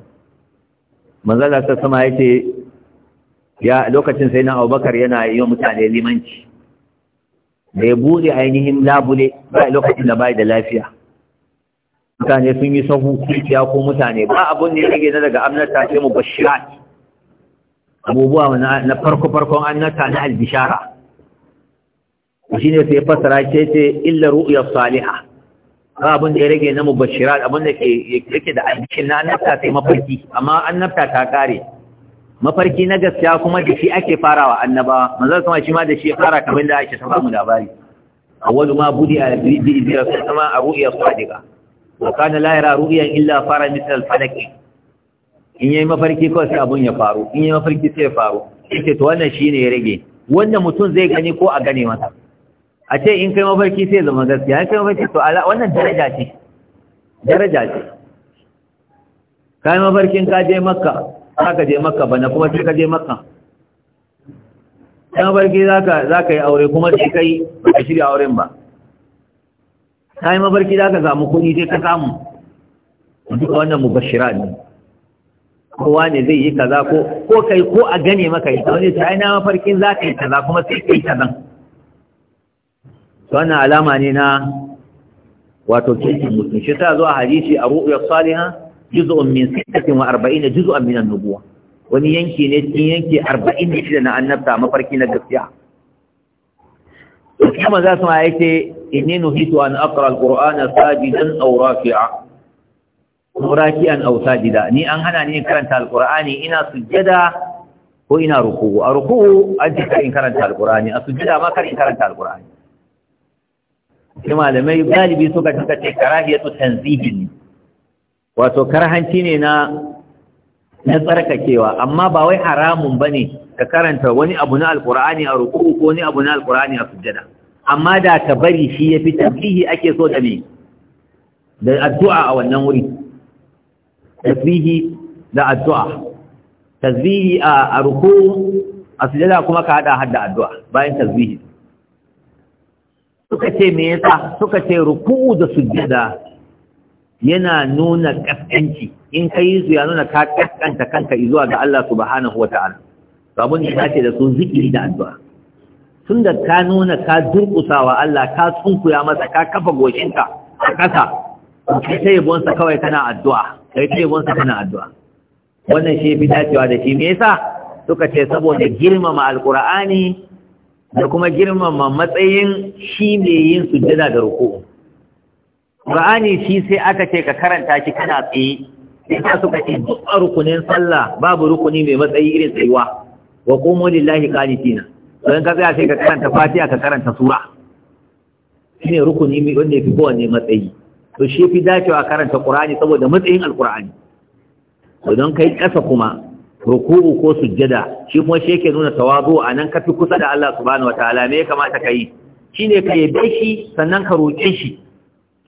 مازال تسمع يتي ya lokacin sai na abubakar yana yi wa mutane limanci da ya buɗe ainihin labule ba lokacin da bai da lafiya mutane sun yi sahu kirkiya ko mutane ba abun ne rage na daga amnata sai mu bashirat abubuwa na farko-farkon annata na albishara shi ne sai fasara ce ce illa ru'ya saliha ba abun da ya rage na mu bashirat abun da ke da albishin na annata sai mafarki amma annata ta kare mafarki na gaskiya kuma da shi ake farawa annabawa manzon kuma shi ma da shi fara kamar da ake samu labari awwalu ma budi a bi bi sama a ru'ya sadiqa wa kana la yara ru'yan illa fara misal falak in yayi mafarki ko sai abun ya faru in yayi mafarki sai ya faru yake to wannan shine ya rage Wannan mutum zai gani ko a gane masa a ce in kai mafarki sai zama gaskiya in kai mafarki to ala wannan daraja ce daraja ce kai mafarkin ka je makka za ka je maka bana kuma sai ka je maka ɗan barki za ka yi aure kuma sai ka yi ba ka shirya auren ba ta yi mafarki za ka samu kuɗi sai ka samu duka wannan mu bashira ne kowa ne zai yi kaza ko ko kai ko a gane maka yi wani ta na mafarkin za ka yi kaza kuma sai ka yi kazan wannan alama ne na wato kirkin mutum shi ta zuwa hadisi a ru'uyar salihan juz'un min sittatin wa arba'ina juz'an min an-nubuwa wani yanki ne cikin yanki 46 na annabta mafarki na gaskiya kuma za su ma yace inni nuhitu an aqra al-qur'ana sajidan aw rafi'a raki'an aw sajida ni an hana ni karanta al-qur'ani ina sujjada ko ina ruku'u a ruku'u an ji karin karanta al a ma karanta al sai malamai galibi suka tuka ce tanzihin wato karhanci ne na na tsarkakewa amma ba wai haramun bane ka karanta wani abu na alqur'ani a ruku ko wani abu na alqur'ani a sujjada amma da ka bari shi yafi tafihi ake so da me da addu'a a wannan wuri tasbihi da addu'a tasbihi a ruku a sujjada kuma ka hada hadda addu'a bayan tasbihi suka ce me yasa suka ce ruku da sujjada yana nuna ƙasƙanci. in ka yi ya nuna ka ƙasƙanta kanka zuwa ga Allah subhanahu wa ta'ala babun da ce da su zikiri da addu'a tun da ka nuna ka wa Allah ka sunkuya masa ka kafa goshinka a ƙasa kai ta yabonsa kawai kana addu'a kai ta yabonsa kana addu'a wannan shi fi dacewa da shi me yasa suka ce saboda girmama alqur'ani da kuma girmama matsayin shi mai yin sujjada da ruku'u Qur'ani shi sai aka ce ka karanta shi kana tsaye sai ka suka ce duk a rukunin sallah babu rukuni mai matsayi irin tsayuwa wa komo lillahi fina, don ka tsaya sai ka karanta Fatiha ka karanta sura ne rukuni mai wanda fi kowanne matsayi to shi fi dacewa karanta ƙur'ani saboda matsayin al to don kai ƙasa kuma ruku'u ko sujjada shi kuma shi yake nuna tawazu nan ka fi kusa da Allah subhanahu ta'ala me ya kamata ka Shi ne ka yabe shi sannan ka roƙe shi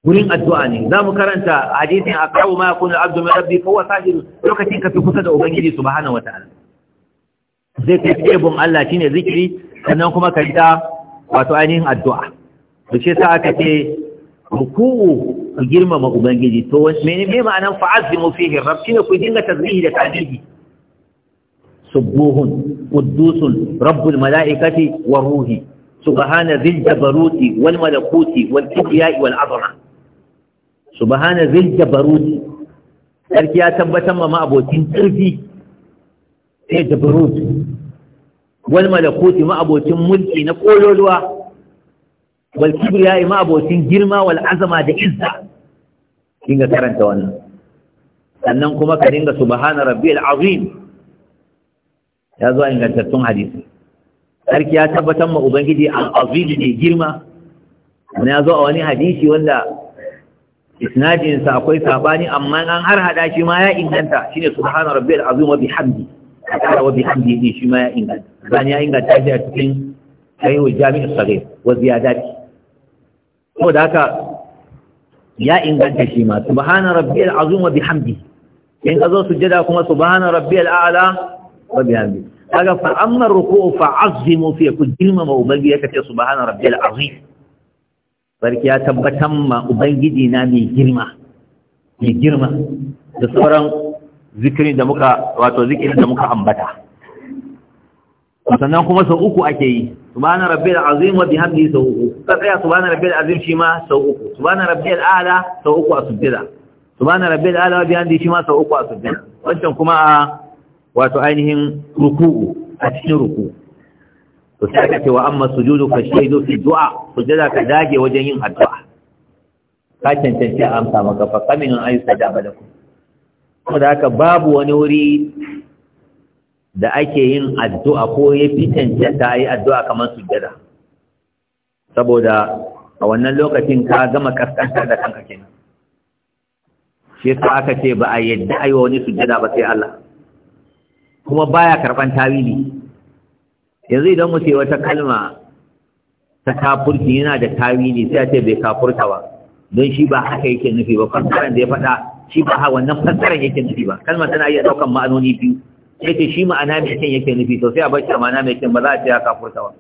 wurin addu'a ne za mu karanta hadisin a kawo ma kuna abdu mai rabbi kowa sahiru lokacin ka fi kusa da ubangiji subhanahu wata ta'ala zai kai tsebun Allah ne zikiri sannan kuma ka rita wato ainihin addu'a da ce sa aka ce ruku'u ku girmama ubangiji to me me ma'anan fa'azimu fihi rabb shine ku dinga tazmihi da tahmidi subuhun Kuddusun, rabbul malaikati wa ruhi subhana dhil jabaruti wal malakuti wal kibriya wal azama subhana zil jabarut sarki ya tabbatar ma abokin ƙarfi sai jabarut wal malakuti ma abokin mulki na kololuwa wal kibriya ma abokin girma wal azama da izza dinga karanta wannan sannan kuma ka dinga subhana rabbil azim ya zo ingantattun hadisi sarki ya tabbatar ma ubangiji al azim ne girma wani ya zo a wani hadisi wanda isnadinsa sa akwai sabani amma an har hada shi ma ya inganta shine subhana rabbil azim wa bihamdi wa bihamdi shi ma ya inganta zan ya inganta shi a cikin wa ziyadati ko da haka ya inganta shi ma wa bihamdi in ka zo kuma subhana rabbil a'la wa bihamdi kaga fa ruku'u fa azzimu fi ku girmama ubangiji kace subhana rabbil azim sarki ya tabbatar ma ubangiji na mai girma mai girma da sauran zikirin da muka wato zikirin da muka ambata sannan kuma sau uku ake yi subhana rabbil azim wa bihamdi sau uku ka tsaya subhana rabbil azim shi ma sau uku subhana rabbil a'la sau uku a sujjada subhana rabbil a'la wa bihamdi shi ma sau uku a sujjada wancan kuma a wato ainihin ruku'u a cikin ruku'u to sai aka ce wa amma sujudu ka shaidu fi du'a sujada ka dage wajen yin addu'a ka cancanci a amsa maka fa kamin an ayyuka da kuma da haka babu wani wuri da ake yin addu'a ko ya fi cancanta a yi addu'a kamar sujada saboda a wannan lokacin ka gama kaskanta da kanka kenan shi yasa aka ce ba a yadda ayi wani sujada ba sai Allah kuma baya karban tawili yanzu idan mu ce wata kalma ta kafurci yana da tawili sai a ce bai kafurta ba don shi ba haka yake nufi ba fassaran da ya faɗa shi ba ha wannan fassaran yake nufi ba kalmar tana iya ɗaukan ma'anoni biyu sai ce shi ma'ana mai kyan yake nufi to sai a bashi ma'ana mai kyan ba za a ce ya kafurta ba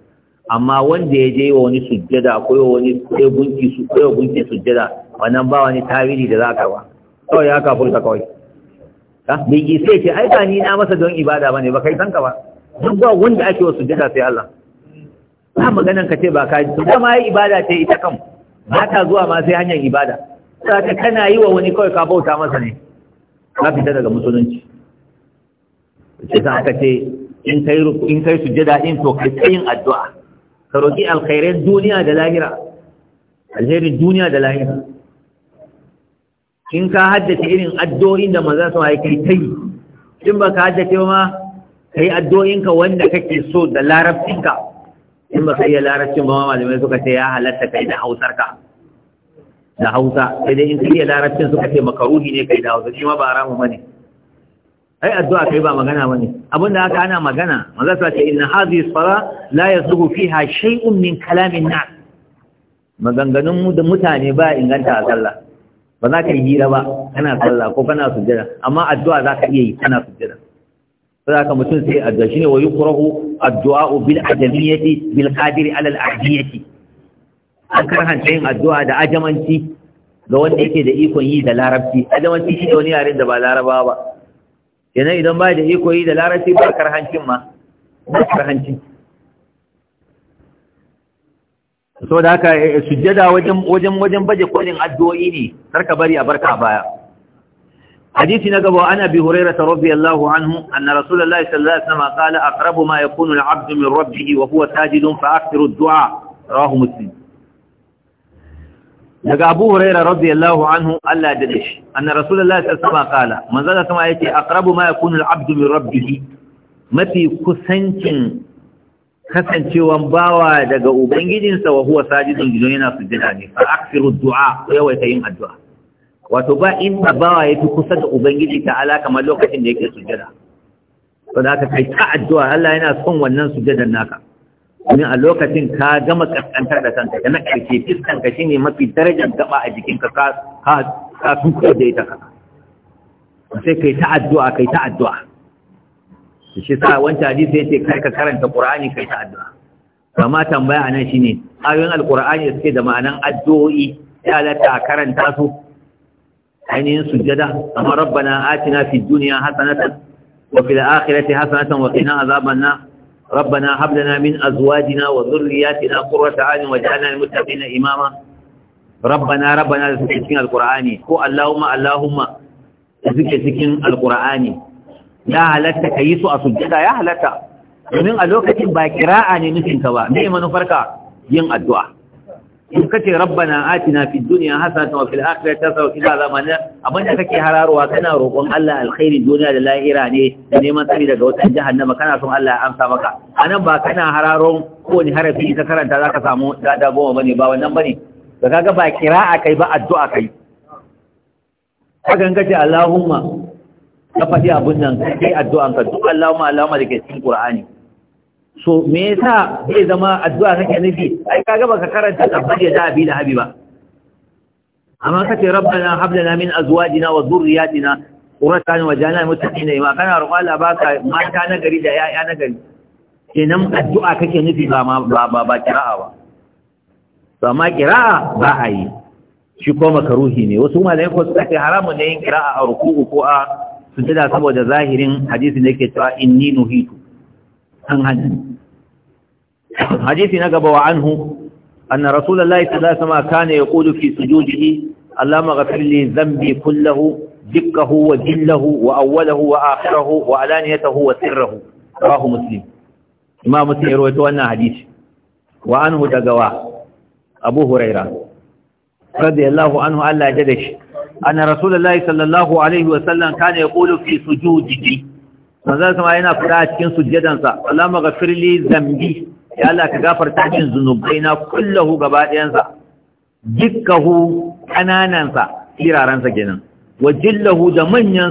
amma wanda ya je wa wani sujjada ko wa wani sai gunki su ko gunki sujjada wannan ba wani tawili da za ka ba kawai ya kafurta kawai bai sai ce ai ba ni na masa don ibada ba ne ba kai san ka ba duk ba wanda ake wasu jada sai Allah ba maganan ka ce ba ka ji ma yi ibada ce ita kan ba ta zuwa ma sai hanyar ibada saka kana yi wa wani kawai ka bauta masa ne ka fita daga musulunci sai za aka ce in kai in kai sujjada in to kai tsayin addu'a ka roki alkhairin duniya da lahira alherin duniya da lahira in ka haddace irin addu'o'in da manzon sa ya kai yi. in ba ka haddace ba ma kai addu'o'inka wanda kake so da larabcinka in ba ka iya larabcin ba malamai suka ce ya halatta kai da hausarka da hausa sai dai in ka iya larabcin suka ce makaruhi ne kai da hausa shi ma ba ba ne ai addu'a kai ba magana ba ne. abinda haka ana magana maza sa ce inna hadhihi sala la yasduhu fiha shay'un min kalamin nas maganganun mu da mutane ba inganta a sallah ba za ka yi hira ba kana sallah ko kana sujjada amma addu'a za ka iya yi kana sujjada sai ka mutum sai a gashi ne wa yukrahu addu'a bil ajamiyyati bil qadiri ala al ahdiyati an karhanta yin addu'a da ajamanci ga wanda yake da ikon yi da larabci ajamanci shi da wani yaren da ba Laraba ba kenan idan ba da iko yi da larabci ba karhancin ma ba karhancin so da haka eh, sujjada wajen wajen wajen baje kolin addu'o'i ne sarka bari a barka a baya حديث نقبه عن أبي هريرة رضي الله عنه أن رسول الله صلى الله عليه وسلم قال أقرب ما يكون العبد من ربه وهو ساجد فأكثر الدعاء رواه مسلم daga abu huraira anhu Allah da dashi anna rasulullahi sallallahu alaihi wasallam kala sama yace aqrabu ma yakunu al-abdu min mafi kusancin kasancewan bawa daga ubangijinsa wa huwa sajidun yana sujjada ne fa aksiru du'a yawaita yin addu'a wato ba inda bawa ya fi kusa da ubangiji ta'ala kamar lokacin da yake sujjada to da aka kai ta addu'a Allah yana son wannan sujjadan naka domin a lokacin ka gama kaskantar da kanka kana karshe fiskan shi ne mafi darajar gaba a jikinka ka ka da ita ka sai kai ta addu'a kai ta addu'a shi sa wancan hadisi yace kai ka karanta Qur'ani kai ta addu'a amma tambaya anan shine ayoyin alqur'ani suke da ma'anan addu'o'i ya halatta a karanta su ainihin sujjada amma rabbana atina fid dunya hasanatan wa fil akhirati hasanatan wa qina azaban nar ربنا هب لنا من ازواجنا وذرياتنا قرة اعين واجعلنا للمتقين اماما ربنا ربنا cikin alqur'ani ko allahumma allahumma zikir cikin alqur'ani ya halatta kayi su a sujjada ya halatta domin a lokacin ba kira'a ne nufin ka ba me manufarka yin addu'a in kace rabbana atina fid dunya hasanatan wa fil akhirati hasanatan wa qina adhaban abin da kake hararowa kana roƙon Allah alkhairi duniya da lahira ne da neman tsari daga wutar jahannama kana son Allah ya amsa maka anan ba kana hararon ko ni harafi ka karanta zaka samu dada goma bane ba wannan bane da kaga ba kira'a kai ba addu'a kai kaga kace Allahumma ka faɗi abun nan kai addu'an ka duk Allahumma Allahumma da ke cikin Qur'ani so me yasa zai zama addu'a kake nufi ai kaga baka karanta tabbata da abi da Habiba. Amma amma kace rabbana hab lana min azwajina wa dhurriyyatina qurrata ayun waj'alna lil muttaqina ma. kana roƙon Allah baka mata na gari da yaya na gari kenan addu'a kake nufi ba ba ba, ba kira'a ba to amma kira'a ba a yi shi ko makaruhi ne wasu malamai ko suka ce haramun ne yin kira'a a ruku'u ko a sujada saboda zahirin hadisi ne ke cewa inni nuhitu an hannu hadisi na gaba wa anhu anna rasulullahi sallallahu alaihi wasallam kana yaqulu fi sujudihi allama ghafir li dhanbi kullahu dikkahu wa jillahu wa awwalahu wa akhirahu wa alaniyatahu wa sirruhu rawahu muslim imam muslim rawaito wannan hadisi wa anhu daga abu huraira sallallahu alaihi wasallam kana manzon sama yana fura a cikin sujjadansa Allahumma ghafir li dhanbi ya Allah ka gafarta min zunubaina kullahu gaba ɗayansa dukkahu kananansa sa kenan wa jillahu da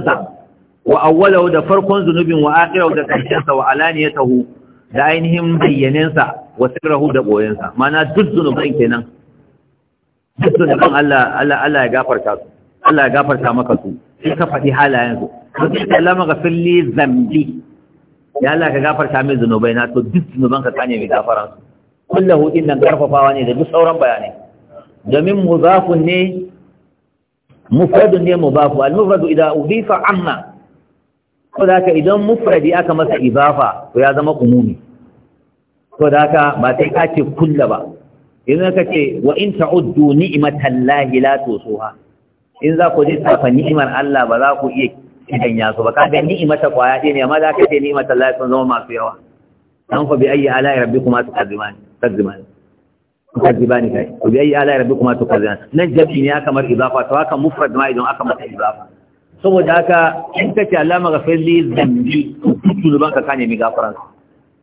sa wa awwalahu da farkon zunubin wa akhirahu da sa wa alaniyatahu da ainihin sa wa sirrahu da sa. mana duk zunuban kenan duk zunuban Allah Allah Allah ya gafarta su Allah ya gafarta maka su sai ka faɗi halayen su to sai ka lama ga filli zambi ya Allah ka gafarta min zunubai na to duk zunuban ka kane mai gafaran su kullahu din nan karfafawa ne da duk sauran bayanai domin muzafun ne mufradun ne mu mubafu al-mufradu idan udifa amma ko da haka idan mufradi aka masa ibafa to ya zama umumi ko da haka ba sai ka ce kulla ba idan ka ce wa in ta'uddu ni'matallahi la tusuha in za ku safa ni'imar Allah ba za ku iya kidan ya su ba ka ga ni'imar ta kwaya ɗaya ne amma za ka ce ni'imar Allah sun zama masu yawa dan fa bi ayyi ala'i rabbikuma tukazziman tukazziman tukazziban kai ku bi ayyi ala'i rabbikuma tukazziman nan jabi ne aka mar idafa to haka mufrad ma idan aka mar idafa saboda haka in ka ce Allah maghfir zambi dhanbi to ban ka kane mi gafaran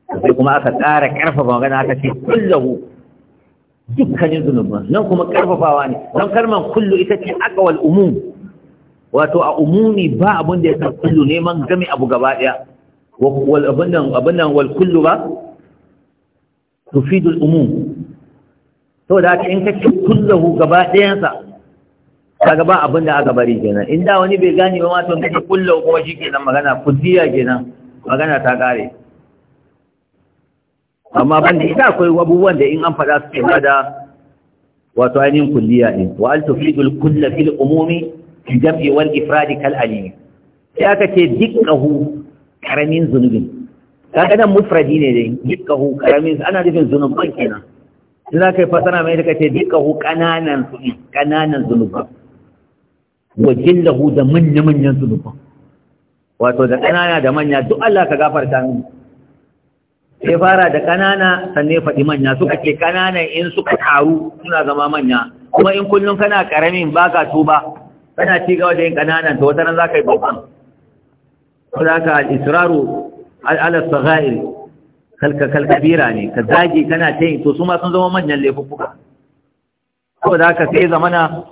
sai kuma aka ƙara ƙarfafa magana aka ce kullahu dukkanin zunuban nan kuma karfafawa ne don kalman kullu ita ce wal umum wato a umumi ba abin da ya san kullu neman game abu gaba daya wal abinnan abinnan wal kullu ba tufidul umum da ka in ka kace kullahu gaba dayansa kaga ba abin da aka bari kenan in da wani bai gane ba ma to kace kullahu kuma kenan magana kudiya kenan magana ta kare amma ban da ita akwai abubuwan da in an faɗa suke ba da wato ainihin kulliya ne wa al tufidul kulla fil umumi fi jam'i wal ifradi kal alimi sai aka ce dikkahu karamin zunubin kaga nan mufradi ne dai dikkahu karamin ana nufin zunuban kenan sai za ka yi fasara mai da ka ce dikkahu kananan zunubi kananan zunuban wa jillahu da manya-manyan zunuban wato da kanana da manya duk Allah ka gafarta mini sai fara da ƙanana sannan faɗi manya suka ce ƙananan in suka taru suna zama manya kuma in kullum kana ƙaramin ba ka tuba kana ci gaba da yin ƙananan ta wata nan za ka yi babban ko za ka israru al'alar sagha'ir kalkabira ne ka zagi kana ta yi to su ma sun zama manyan laifuffuka ko za ka sai zamana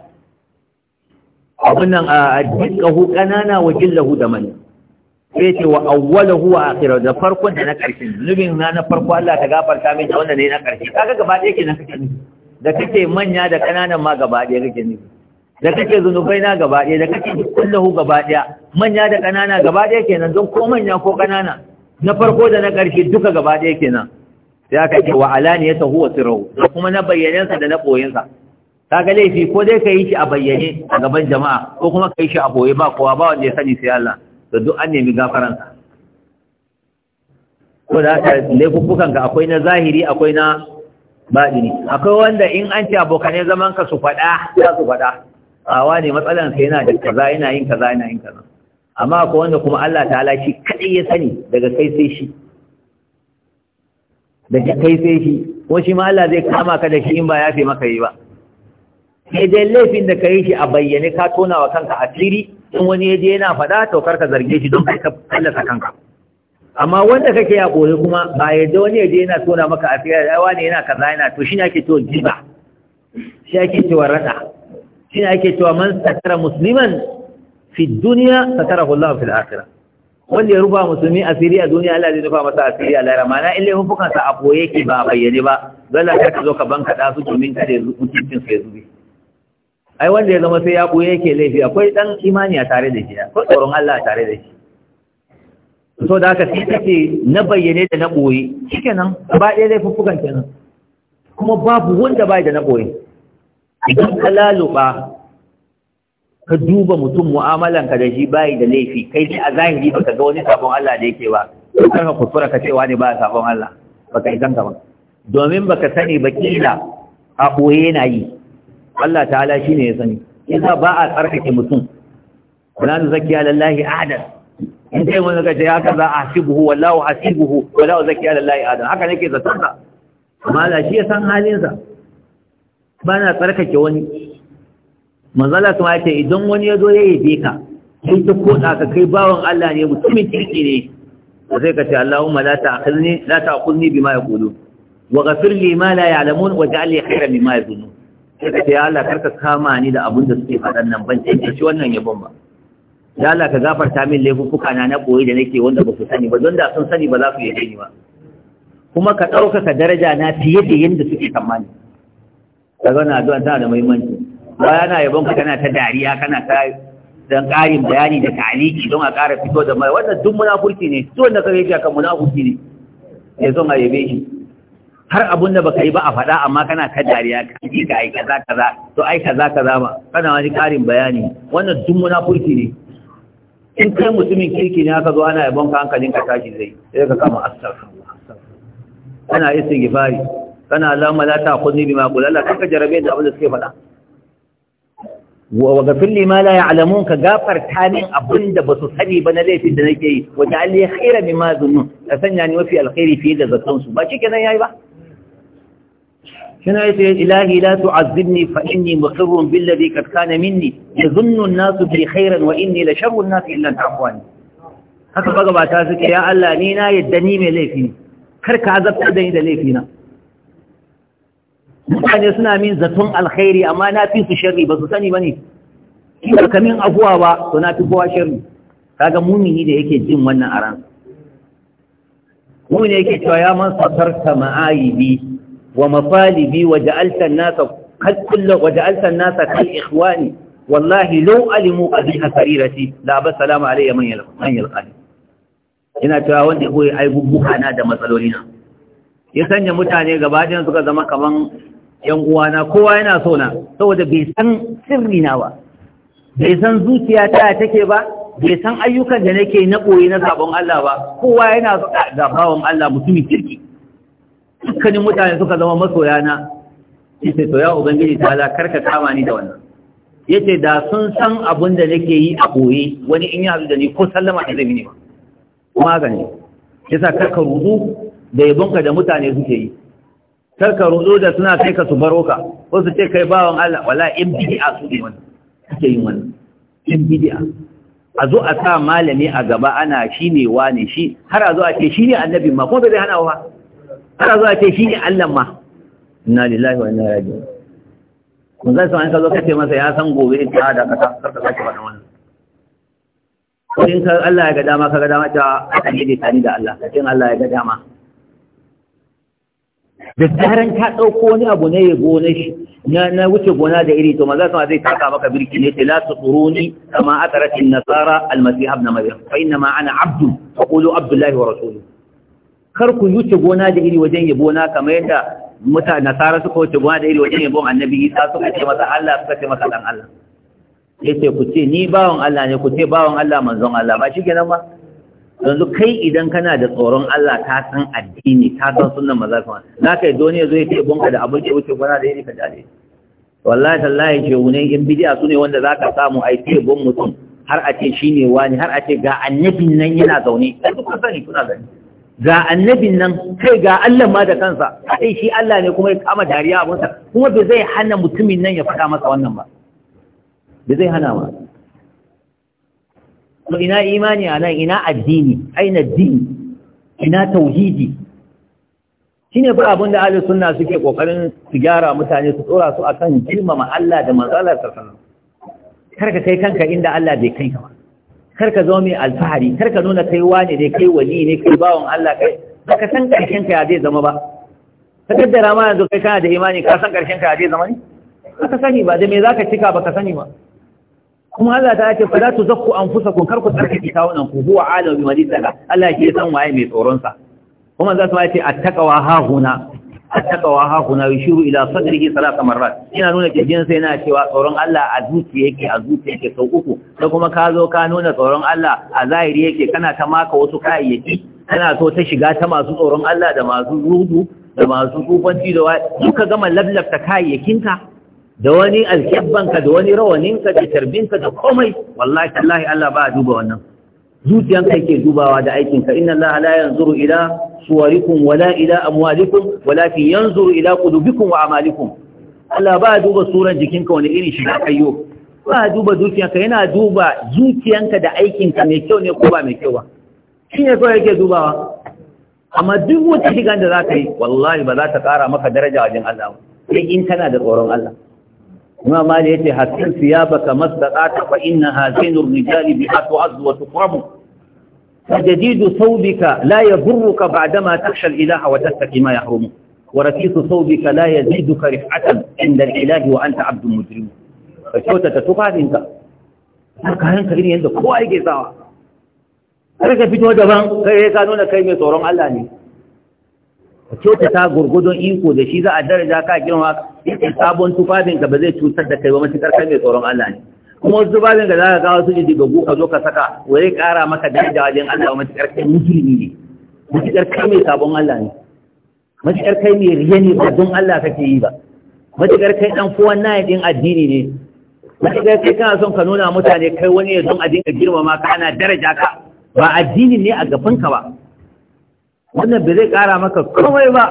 abin nan a jiƙahu ƙanana wa jillahu da manya sai ce wa awwala huwa akhiru da farkon da na karshe zunubin na na farko Allah ta gafarta min da wannan ne na karshe kaga gaba ɗaya kenan kake nufi da kake manya da kananan ma gaba ɗaya kake nufi da kake zunubai na gaba ɗaya da kake kullahu gaba ɗaya manya da kanana gaba ɗaya kenan don ko manya ko kanana na farko da na karshe duka gaba ɗaya kenan sai aka ce wa alaniyata huwa sirru da kuma na sa da na sa kaga laifi ko dai ka yi shi a bayyane a gaban jama'a ko kuma ka yi shi a boye ba kowa ba wanda ya sani sai Allah da duk an nemi gafaransa ko da haka ka akwai na zahiri akwai na baɗini akwai wanda in an ce abokanai zaman ka su faɗa za su faɗa awa ne matsalan sai yana da kaza yana yin kaza yana yin kaza amma akwai wanda kuma Allah ta'ala shi kadai ya sani daga kai sai shi daga kai sai shi ko shi ma Allah zai kama ka da shi in ba ya fi maka yi ba sai dai laifin da ka yi shi a bayyane ka tona wa kanka asiri in wani ya je yana faɗa to karka zarge shi don kai ka tallata kanka amma wanda kake ya koyi kuma ba yadda wani ya je yana tona maka asiri da wani yana kaza yana to shi ne ake cewa jiba shi ake cewa rada ne ake cewa man satara musliman fi duniya satara Allah al akhirah wanda ya rufa musulmi asiri a duniya Allah zai rufa masa asiri a lahira mana in laifin fukansa a boye ke ba bayyane ba dole ka zo ka banka da su domin kada mutuncin su ya zube ai wanda ya zama sai ya ɓoye yake laifi akwai ɗan imani a tare da shi akwai tsoron Allah a tare da shi so da aka sai kake na bayyane da na ɓoye shikenan ba ɗaya laifuffukan kenan kuma babu wanda ba da na ɓoye idan ka laluɓa ka duba mutum mu'amalanka da shi bayi da laifi kai ne a zahiri baka ga wani sabon Allah da yake ba kar ka kuskura ka ce wani ba sabon Allah baka yi zanka ba domin baka sani ba kila a ɓoye na yi Allah ta'ala shi ne ya sani yasa ba a tsarkake mutum wala nu zakkiya lillahi ahadan in dai wani kace ya kaza ahsibuhu wallahu hasibuhu wallahu Zakiya lillahi ahadan haka nake zata sa amma Allah shi ya san halin sa ba na tsarkake wani manzala kuma yace idan wani ya zo ya yi beka sai ta koda ka kai bawan Allah ne mutumin kirki ne sai ka ce Allahumma la ta'khudni la ta'khudni bima yaqulu wa ghfir li ma la ya'lamun wa ja'al li khayran mimma yadhunnun sai ce ya Allah karka kama ni da abin da suke faɗan nan ban ce shi wannan yabon ba ya Allah ka gafarta min laifuka na na koyi da nake wanda ba su sani ba don da sun sani ba za su yi ni ba kuma ka ɗaukaka daraja na fiye da yadda suke tsammani ka zauna zuwa tana da muhimmanci ba yana yabon ka kana ta dariya kana ta dan ƙarin bayani da taliki don a ƙara fito da mai wannan duk munafurci ne duk wanda ka yake kan munafurci ne ya zo a yabe shi har abun da baka yi ba a faɗa amma kana ta dariya ka ji ka za kaza kaza to ai kaza kaza ma kana wani ƙarin bayani wannan duk munafurci ne in kai mutumin kirki ne aka zo ana yabon ka hankalin ka tashi zai sai ka kama astaghfirullah kana istighfari kana Allahumma la ta'khudni bima qul Allah kaka jarabe da abin da suke faɗa wa ghafir li ma la ya'lamun ka gafarta min abin da basu sani ba na laifin da nake yi wa ja'al li bima mimma dhunnu ka sanya ni mafi alkhairi fiye da zaton su ba nan yayi ba شنو يقول إلهي لا تعذبني فإني مقر بالذي قد كان مني يظن الناس بي خيرا وإني لشر الناس إلا أنت عفواني haka baga ba ta suke ya Allah ni na yadda ni mai laifi ne kar ka azabta da ni da laifi na mutane suna min zaton alkhairi amma na fi su sharri ba su sani ba ne in ba kamin afuwa ba to na fi kowa sharri kaga mumini da yake jin wannan aran mumini yake cewa ya man sabarta ma'ayibi wa mafalibi wa ja'alta nasa kad kullu wa nasa kal ikhwani wallahi law alimu qadha sarirati la ba salamu alayya man ina cewa wanda ya koyi aibubuka na da matsaloli na ya sanya mutane gabaɗin suka zama kaman yan uwana kowa yana so na saboda bai san sirri na ba bai san zuciya ta take ba bai san ayyukan da nake na koyi na sabon Allah ba kowa yana so da ah, bawon Allah mutumin kirki dukkanin mutane suka zama masoya na sai to ya ubangiji ta ala karka kama ni da wannan yace da sun san abin da nake yi a boye wani in ya da ni ko sallama da zai ne ba magani yasa karka rudu da yabonka da mutane suke yi karka rudu da suna sai ka su baro ka ko su ce kai bawan Allah wala in bid'a su wannan suke yin wannan in bid'a a zo a sa malami a gaba ana shi ne wane shi har a zo a ce shi ne annabi ma kuma bai hana wa ana a ce shi ne Allah ma inna lillahi wa inna ilaihi kun zai san ka zo kace masa ya san gobe in ka da kasa kar ka sake faɗa wannan ko in ka Allah ya ga dama ka ga dama ta yi da tani da Allah kace Allah ya ga dama da zaran ka ɗauko wani abu ne ya gona shi na wuce gona da iri to maza sama zai taka maka birki ne ta lasu tsoroni kama a tsarafin nasara almasiha na maryam fa inna ma ana abdu fa qulu abdullahi wa rasuluhu kar ku wuce gona da iri wajen yabo na kamar yadda mutane nasara suka wuce gona da iri wajen yabo annabi isa suka ce masa Allah suka ce masa dan Allah yace ku ce ni bawon Allah ne ku ce bawon Allah manzon Allah ba shi kenan ba yanzu kai idan kana da tsoron Allah ka san addini ka san sunnan maza kuma za ka yi duniya zo ya ce bonka da abin ke wuce gona da iri ka dade wallahi tallahi shehunai in bidiya su ne wanda za ka samu a yi bon mutum har a ce shi ne wani har a ce ga annabin nan yana zaune sai kuka sani kuna gani ga annabin nan kai ga Allah ma da kansa sai shi Allah ne kuma ya kama dariya abunsa kuma bai zai hana mutumin nan ya faɗa masa wannan ba bai zai hana ba to ina imani a nan ina addini aina dini ina tauhidi shine ba abin da ahlus sunna suke kokarin su gyara mutane su tsora su akan girmama Allah da manzalar sa kar ka kai kanka inda Allah bai kai ka ba kar ka zama mai alfahari kar ka nuna kai wane ne kai wani ne kai bawan Allah kai baka san karshen ka ya zai zama ba ka kaddara ma yanzu kai kana da imani ka san karshen ka ya zai zama ne baka sani ba da me zaka cika baka sani ba kuma Allah ta ce fala zakku anfusakum kar ku tsarkake kawunan ku huwa alamu bi mali Allah ke san waye mai tsoron sa kuma za su ce attaqwa ha huna attaqawa ha kuna yushiru ila sadrihi salata marrat ina nuna kirjin sai na cewa tsoron Allah a zuciya yake a zuciya yake sau uku da kuma ka zo ka nuna tsoron Allah a zahiri yake kana ta maka wasu kayayyaki kana so ta shiga ta masu tsoron Allah da masu rudu da masu kufanci da wa duka gama lablabta kayayyakinka da wani ka, da wani rawaninka da tarbinka da komai wallahi tallahi Allah ba duba wannan zuciyanka yake dubawa da aikinka inna allaha la yanzuru ila suwarikum wala ila amwalikum walakin yanzuru ila qulubikum wa amalikum Allah ba duba suran jikinka wani irin shiga kayyo ba duba zuciyanka yana duba zuciyanka da aikinka mai kyau ne ko ba mai kyau ba shi ne kawai yake dubawa amma duk wata shigan da za ka yi wallahi ba za ta kara maka daraja wajen Allah ba sai in kana da tsoron Allah imam mali yace hasin siyabaka masdaqata fa innaha zainur rijali bi atu'az wa tuqramu tajdidu thawbika la yadurruka ba'dama takhsha al-ilaha wa tattaqi ma yahrumu wa rakisu thawbika la yaziduka rif'atan inda al-ilahi wa anta 'abdun mujrim fa shota ta tufafinka haka hanka irin yanda kowa yake tsawa kar ka fito daban kai ka nuna kai mai tsoron Allah ne ka gurgudun iko da shi za a daraja ka girma sabon tufafinka ba zai cutar da kai ba matukar kai mai tsoron Allah ne kuma wasu za ka kawo su ji daga ka zo ka saka wai kara maka daraja wajen Allah matukar kai musulmi ne matukar kai mai sabon Allah ne matukar kai mai riya ne ba don Allah kake yi ba matukar kai kowa na yi ɗin addini ne matukar kai kana son ka nuna mutane kai wani ya don a dinga girmama ka ana daraja ka ba addini ne a gafanka ba wannan bai zai kara maka komai ba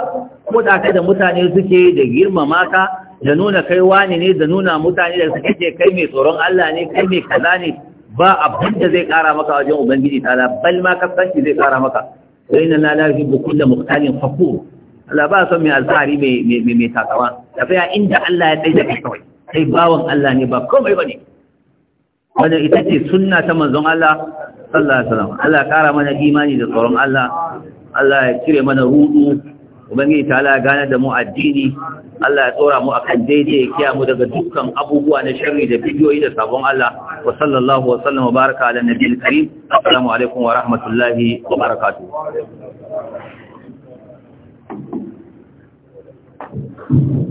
kuɗa kai da mutane suke da girmama ka da nuna kai wani ne da nuna mutane da suke ce kai mai tsoron Allah ne kai mai kaza ne ba abin da zai kara maka wajen ubangiji ta bal ma kasance zai kara maka sai na lalafi bu kulli muqtalin fakur Allah ba son mai alfahari mai mai mai takawa tafiya inda Allah ya tsaye da kai kawai sai bawan Allah ne ba komai bane wanda ita ce sunna ta manzon Allah sallallahu alaihi wasallam Allah kara mana imani da tsoron Allah Allah ya cire mana ruɗu ubangiji ta ala gane da mu addini Allah ya tsora mu akan daidai ya kiya mu daga dukkan abubuwa na sharri da bidiyoyi da sabon Allah wa sallallahu wa sallam wa baraka ala nabiyil karim assalamu alaikum wa rahmatullahi wa barakatuh Thank you.